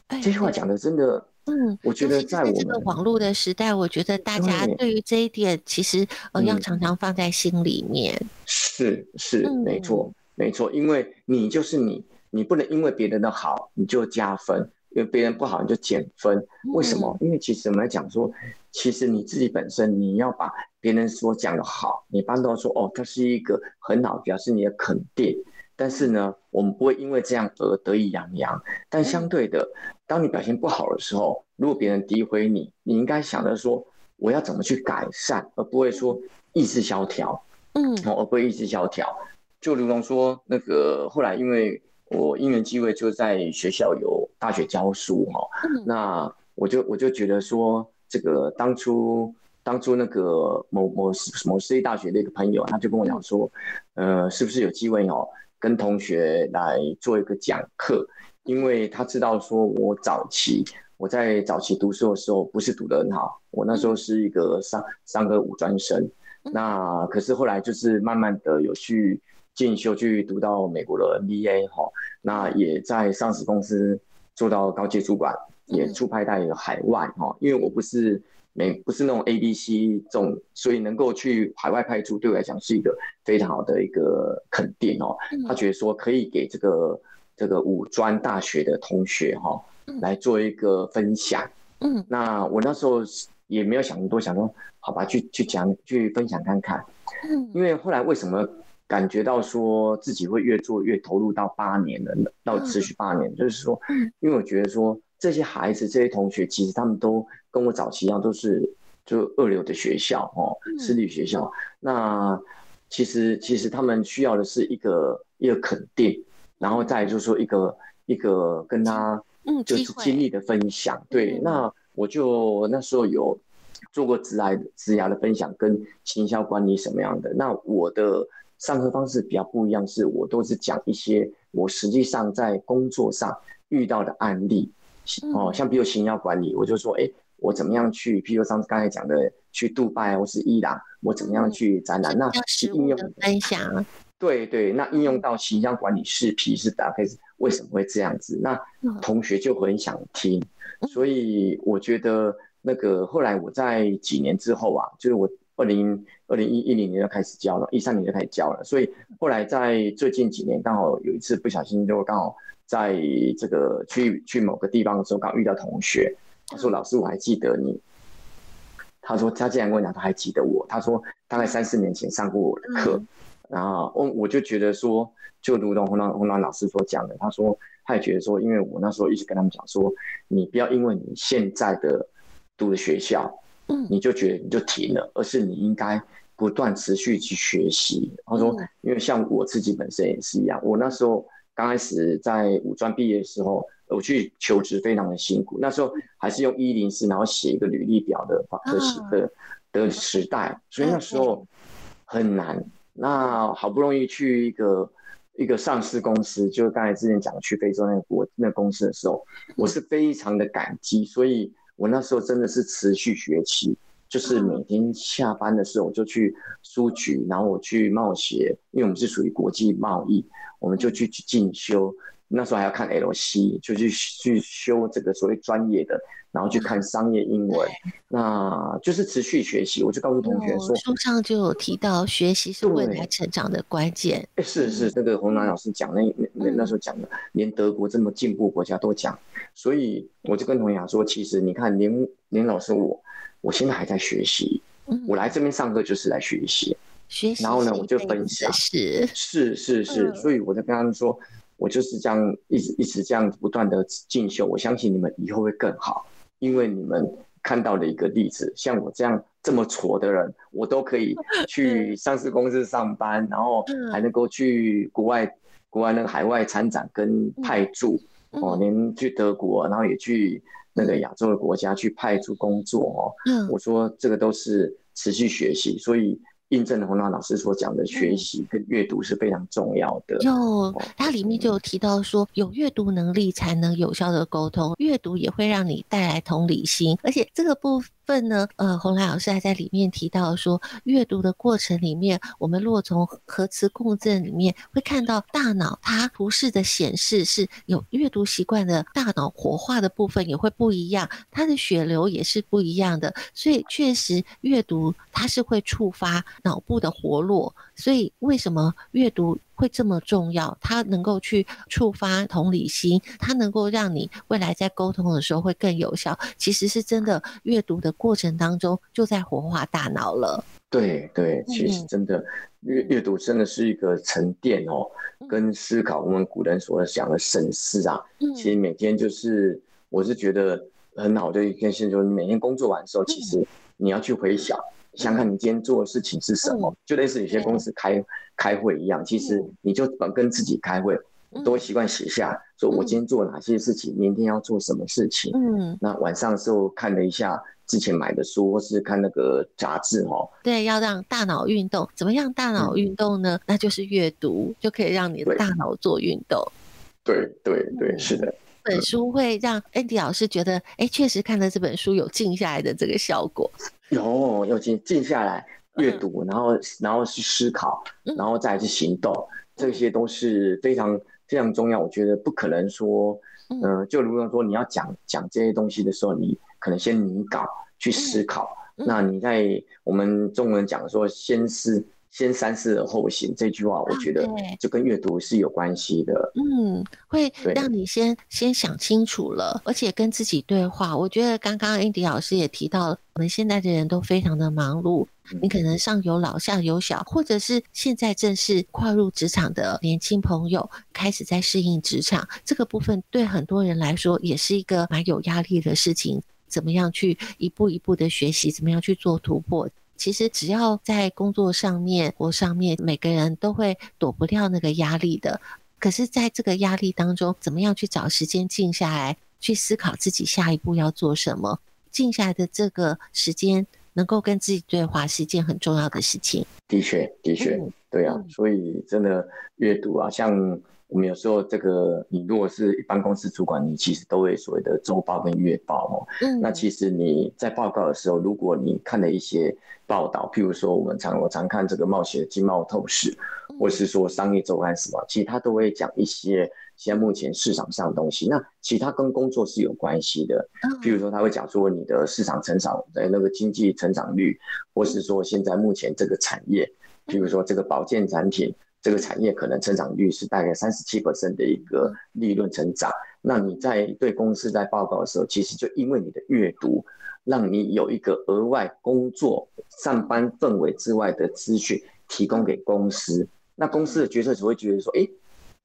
S3: 嗯、這句話講的真的，嗯，
S2: 我覺得在我們在這個網絡的時代，我覺得大家對於這一點，其實呃要常常放在心裡面。
S3: 是、嗯、是，是嗯、沒錯沒錯，因為你就是你，你不能因為別人的好你就加分。因為別人不好你就減分，為什麼？因為其實我們來講說，其實你自己本身你要把別人所講的好，你搬到說哦，他是一個很好，表示你的肯定。但是呢，我們不會因為這樣而得意洋洋。但相對的，當你表現不好的時候，如果別人詆毀你，你應該想着說我要怎麼去改善，而不會說意志蕭條，嗯、哦，而不會意志蕭條。就如同說那個後來因為。我因緣機會，就在學校有大學教書哈，嗯、那我就我就覺得說，這個當初當初那個某某某私立大學的一個朋友，他就跟我講說，說，嗯、呃，是不是有機會哦，跟同學來做一個講課？因為他知道說我早期我在早期讀書的時候不是讀得很好，我那時候是一個三三個五專生，嗯、那可是後來就是慢慢的有去。進修去讀到美國的 NBA 哈，那也在上市公司做到高級主管，也出派到海外哈。嗯、因為我不是美，不是那種 ABC 這種，所以能夠去海外派出對我來講是一個非常好的一個肯定哦。嗯、他覺得說可以給這個這個五專大學的同學哈，來做一個分享。嗯，嗯那我那時候也沒有想很多，想說好吧去，去去講去分享看看。嗯，因為後來為什麼？感覺到說自己會越做越投入，到八年了，到持續八年，嗯、就是說，因為我覺得說這些孩子、嗯、這些同學，其實他們都跟我早期一樣，都是就二流的學校哦，私立學校。嗯、那其實其實他們需要的是一個一個肯定，然後再就是說一個一個跟他就是經歷的分享。嗯、對，嗯、那我就那時候有做過職涯的分享，跟行銷管理什麼樣的。那我的。上課方式比較不一樣，是我都是講一些我實際上在工作上遇到的案例，嗯、哦，像比如行銷管理，我就說，誒、欸、我怎麼樣去，譬如像剛才講的去杜拜或是伊朗，我怎麼樣去展覽，嗯、那是那應用分享。嗯、對對，那應用到行銷管理視頻是搭是、嗯、為什麼會這樣子？那、嗯、同學就很想聽，所以我覺得那個後來我在幾年之後啊，就是我。二零二零一一年就開始教了，一三年就開始教了，所以後來在最近幾年，剛好有一次不小心，就剛好在這個去去某個地方的時候，剛好遇到同學，他說：“嗯、老師，我還記得你。”他說：“他竟然跟我講，他還記得我。”他說：“大概三四年前上過我的課。嗯”然後我我就覺得說，就如同洪暖洪暖老師所講的，他說他也覺得說，因為我那時候一直跟他們講說，你不要因為你現在的讀的學校。你就覺得你就停了，而是你應該不斷持續去學習。他說，因為像我自己本身也是一樣，嗯、我那時候剛開始在五專畢業的時候，我去求職非常的辛苦。那時候還是用一零四，然後寫一個履歷表的話特寫的的時代，嗯、所以那時候很難。嗯、那好不容易去一個一個上市公司，就剛才之前講去非洲那個國那公司的時候，嗯、我是非常的感激，所以。我那時候真的是持續學習，就是每天下班的時候我就去書局，然後我去貿協，因為我們是屬於國際貿易，我們就去去進修。那時候還要看 LC，就去去修這個所謂專業的。然後去看商業英文，嗯、那就是持續學習。我就告訴同學說，書、哦、上就有提到，學習是未來成長的關鍵。是是，那個洪楠老師講那那那時候講的，嗯、連德國這麼進步國家都講。所以我就跟同學講說，其實你看連，連連老師我我現在還在學習，嗯、我來這邊上課就是來學習，學習、嗯。然後呢，我就分享，嗯、是是是。是是嗯、所以我就跟他們說，我就是這樣一直一直這樣不斷的進修，我相信你們以後會更好。因為你們看到了一個例子，像我這樣這麼挫的人，我都可以去上市公司上班， [LAUGHS] 然後還能夠去國外、國外那個海外參展跟派駐哦，連去德國，然後也去那個亞洲的國家去派駐工作哦。我說這個都是持續學習，所以。印證了洪娜老師所講的學習跟閱讀是非常重要的。就，
S2: 它裡面就有提到說，有閱讀能力才能有效的溝通，閱讀也會讓你帶來同理心，而且這個部。份呢，呃，洪蘭老師還在裡面提到說，閱讀的過程裡面，我們如果從核磁共振裡面會看到大腦它圖示的顯示是有閱讀習慣的，大腦活化的部分也會不一樣，它的血流也是不一樣的。所以確實，閱讀它是會觸發腦部的活絡。所以為什麼閱讀會這麼重要？它能夠去觸發同理心，它能夠讓你未來在溝通的時候會更有效。其實是真的，閱讀的過程當中就在活化大腦
S3: 了。對對，其實真的閱、嗯、閱讀真的是一個沉澱哦，嗯、跟思考。我們古人所想的省事啊，嗯、其實每天就是，我是覺得很好的一件事情，就是你每天工作完的時候，嗯、其實你要去回想。想看你今天做的事情是什麼，就類似有些公司開開會一樣，其實你就本跟自己開會，都習慣寫下，說我今天做哪些事情，明天要做什麼事情。嗯，那晚上時候看了一下之前買的書，或是看那個雜誌哦，
S2: 對，要讓大腦運動，怎麼樣？大腦運動呢？那就是閱讀，就可以讓
S3: 你的大腦做運動。對對對，是的。這
S2: 本書會讓 Andy 老師覺得，哎，確實看了這本書有靜下來的這個效果。
S3: 有，oh, 要靜靜下來閱讀、uh huh. 然，然後然後去思考，然後再去行動，uh huh. 這些都是非常非常重要。我覺得不可能說，嗯、呃，就如果說你要講講這些東西的時候，你可能先擬稿去思考，uh huh. 那你在我們中文講說，先思先三思而後行這句話，我覺得就跟閱讀是有關係的。
S2: 啊、對對嗯，會讓你先先想清楚了，而且跟自己對話。我覺得剛剛 Andy 老師也提到了，我們現在的人都非常的忙碌，嗯、你可能上有老下有小，或者是現在正是跨入職場的年輕朋友開始在適應職場，這個部分對很多人來說也是一個蠻有壓力的事情。怎麼樣去一步一步的學習？怎麼樣去做突破？其實只要在工作上面、活上面，每個人都會躲不掉那個壓力的。可是，在這個壓力當中，怎麼樣去找時間靜下來，去思考自己下一步要做什麼？靜下來的這個時間，能夠跟自己對話，是一件很重要的事情。
S3: 的確，的確， [LAUGHS] 對啊，所以，真的閱讀啊，像。我們有時候，這個你如果是一般公司主管，你其實都會所謂的周報跟月報哦。嗯。那其實你在報告的時候，如果你看了一些報道，譬如說我們常我常看這個貿協的《經貿透視》，或是說《商業周刊》什麼，其實他都會講一些現在目前市場上的東西。那其他跟工作是有關係的。譬如說，他會講說你的市場成長的，那個經濟成長率，或是說現在目前這個產業，譬如說這個保健產品。這個產業可能成長率是大概三十七%的一個利潤成長。那你在對公司在報告的時候，其實就因為你的閱讀，讓你有一個額外工作、上班氛圍之外的資訊提供給公司。那公司的決策只會覺得說：哎，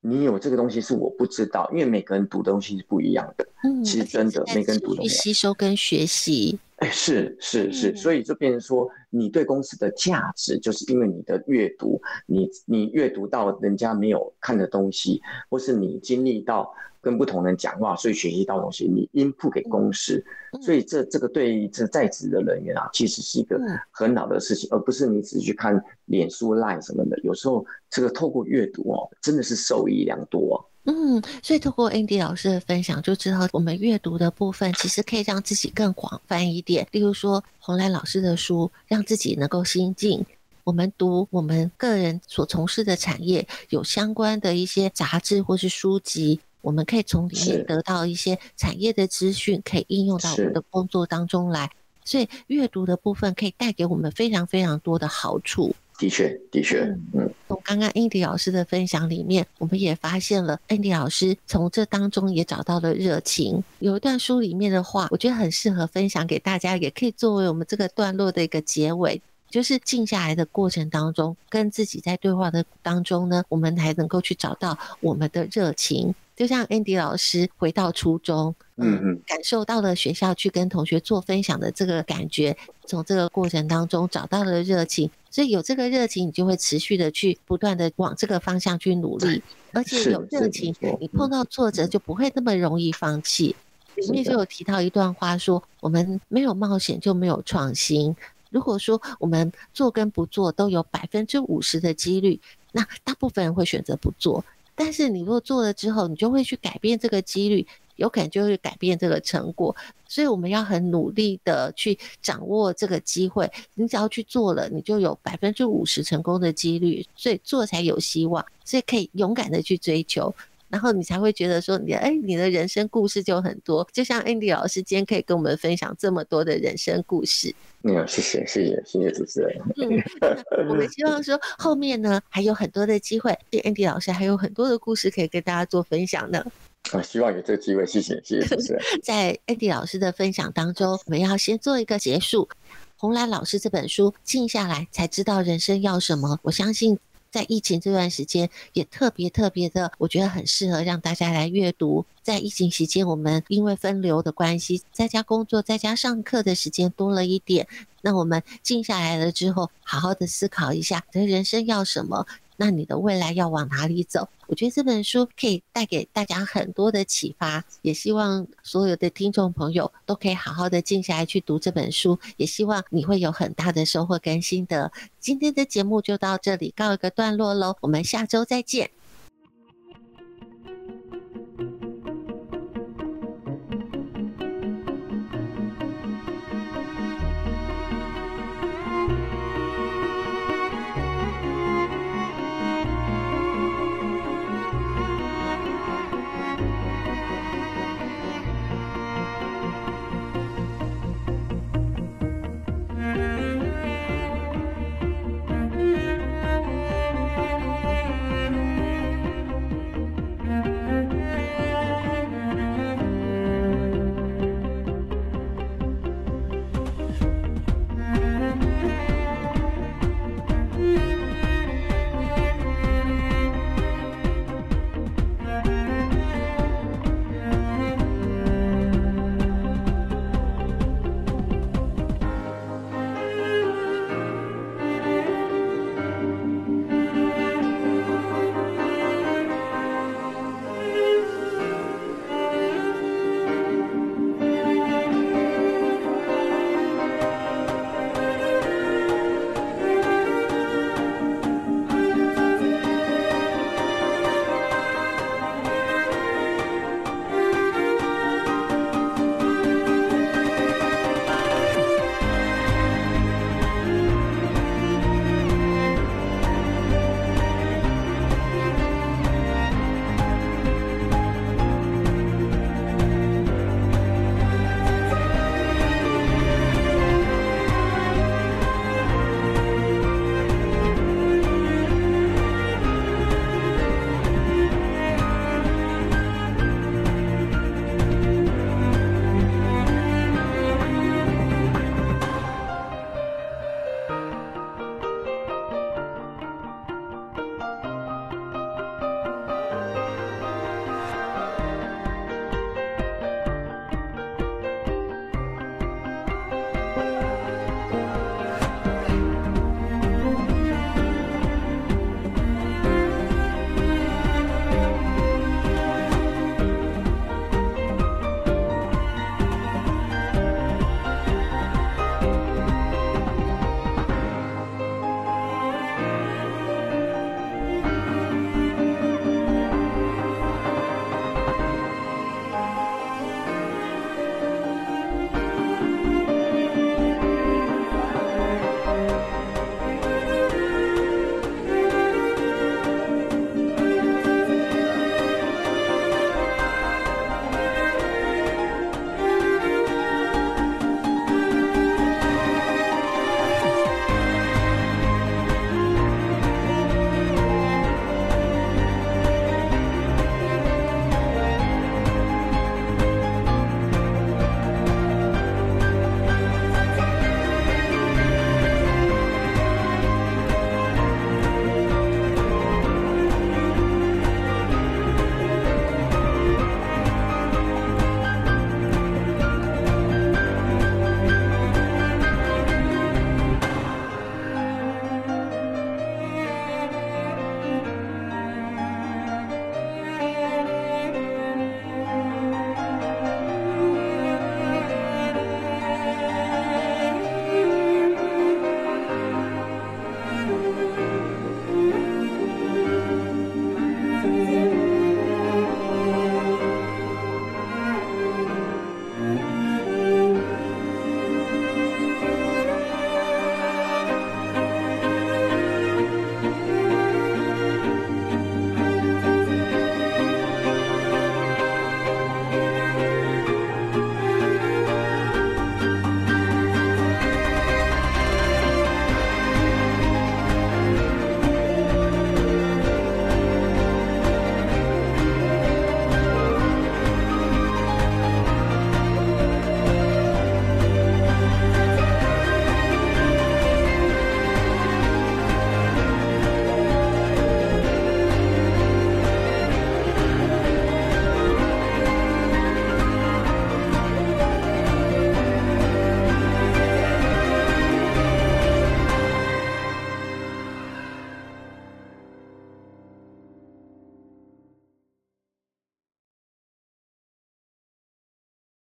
S3: 你有這個東西是我不知道，因為每個人讀的東西是不一樣的。其實真的、嗯、實每個人讀的東西。去吸收跟學習。哎，是是是，是，所以就變成說。嗯嗯你對公司的價值，就是因為你的閱讀，你你閱讀到人家沒有看的東西，或是你經歷到跟不同人講話，所以學習到東西，你 input 給公司。所以這這個對於這在職的人員啊，其實是一個很好的事情，而不是你只去看臉書、Line 什麼的。有時候這個透過閱讀哦，真的是受益良多
S2: 哦。嗯，所以透過 Andy 老師的分享，就知道我們閱讀的部分其實可以讓自己更廣泛一點，例如說。洪蘭老師的書，讓自己能夠心靜。我們讀我們個人所從事的產業有相關的一些雜誌或是書籍，我們可以從裡面得到一些產業的資訊，是可以應用到我們的工作當中來。是所以閱讀的部分可以帶給我們非常非常多的好處。
S3: 的確，的確，嗯。
S2: 從剛剛 Andy 老師的分享裡面，我們也發現了 Andy 老師從這當中也找到了熱情。有一段書裡面的話，我覺得很適合分享給大家，也可以作為我們這個段落的一個結尾。就是靜下來的過程當中，跟自己在對話的當中呢，我們還能夠去找到我們的熱情。就像 Andy 老師回到初衷。嗯嗯，感受到了學校去跟同學做分享的這個感覺，從這個過程當中找到了熱情，所以有這個熱情，你就會持續的去不斷的往這個方向去努力，而且有熱情，你碰到挫折就不會那麼容易放棄。裡、嗯、面就有提到一段話說，說我們沒有冒險就沒有創新。如果說我們做跟不做都有百分之五十的幾率，那大部分人會選擇不做，但是你如果做了之後，你就會去改變這個幾率。有可能就會改變這個成果，所以我們要很努力的去掌握這個機會。你只要去做了，你就有百分之五十成功的幾率，所以做才有希望，所以可以勇敢的去追求，然後你才會覺得說你，你、欸、你的人生故事就很多。就像 Andy 老師今天可以跟我們分享這麼多的人生故事，
S3: 嗯，yeah, 謝謝，謝謝，謝謝謝謝謝，我們
S2: 希望說後面呢還有很多的機會，對 Andy 老師還有很多的故事可以跟大家做分享呢。
S3: 我希望有這個機會，謝謝，謝謝，是是
S2: [LAUGHS] 在 Andy 老師的分享當中，我們要先做一個結束。洪蘭老師這本書，靜下來才知道人生要什麼。我相信，在疫情這段時間，也特別特別的，我覺得很適合讓大家來閱讀。在疫情期間，我們因為分流的關係，在家工作、在家上課的時間多了一點。那我們靜下來了之後，好好的思考一下，人生要什麼。那你的未來要往哪裡走？我覺得這本書可以帶給大家很多的啟發，也希望所有的聽眾朋友都可以好好的靜下來去讀這本書，也希望你會有很大的收穫跟心得。今天的節目就到這裡告一個段落嘍，我們下周再見。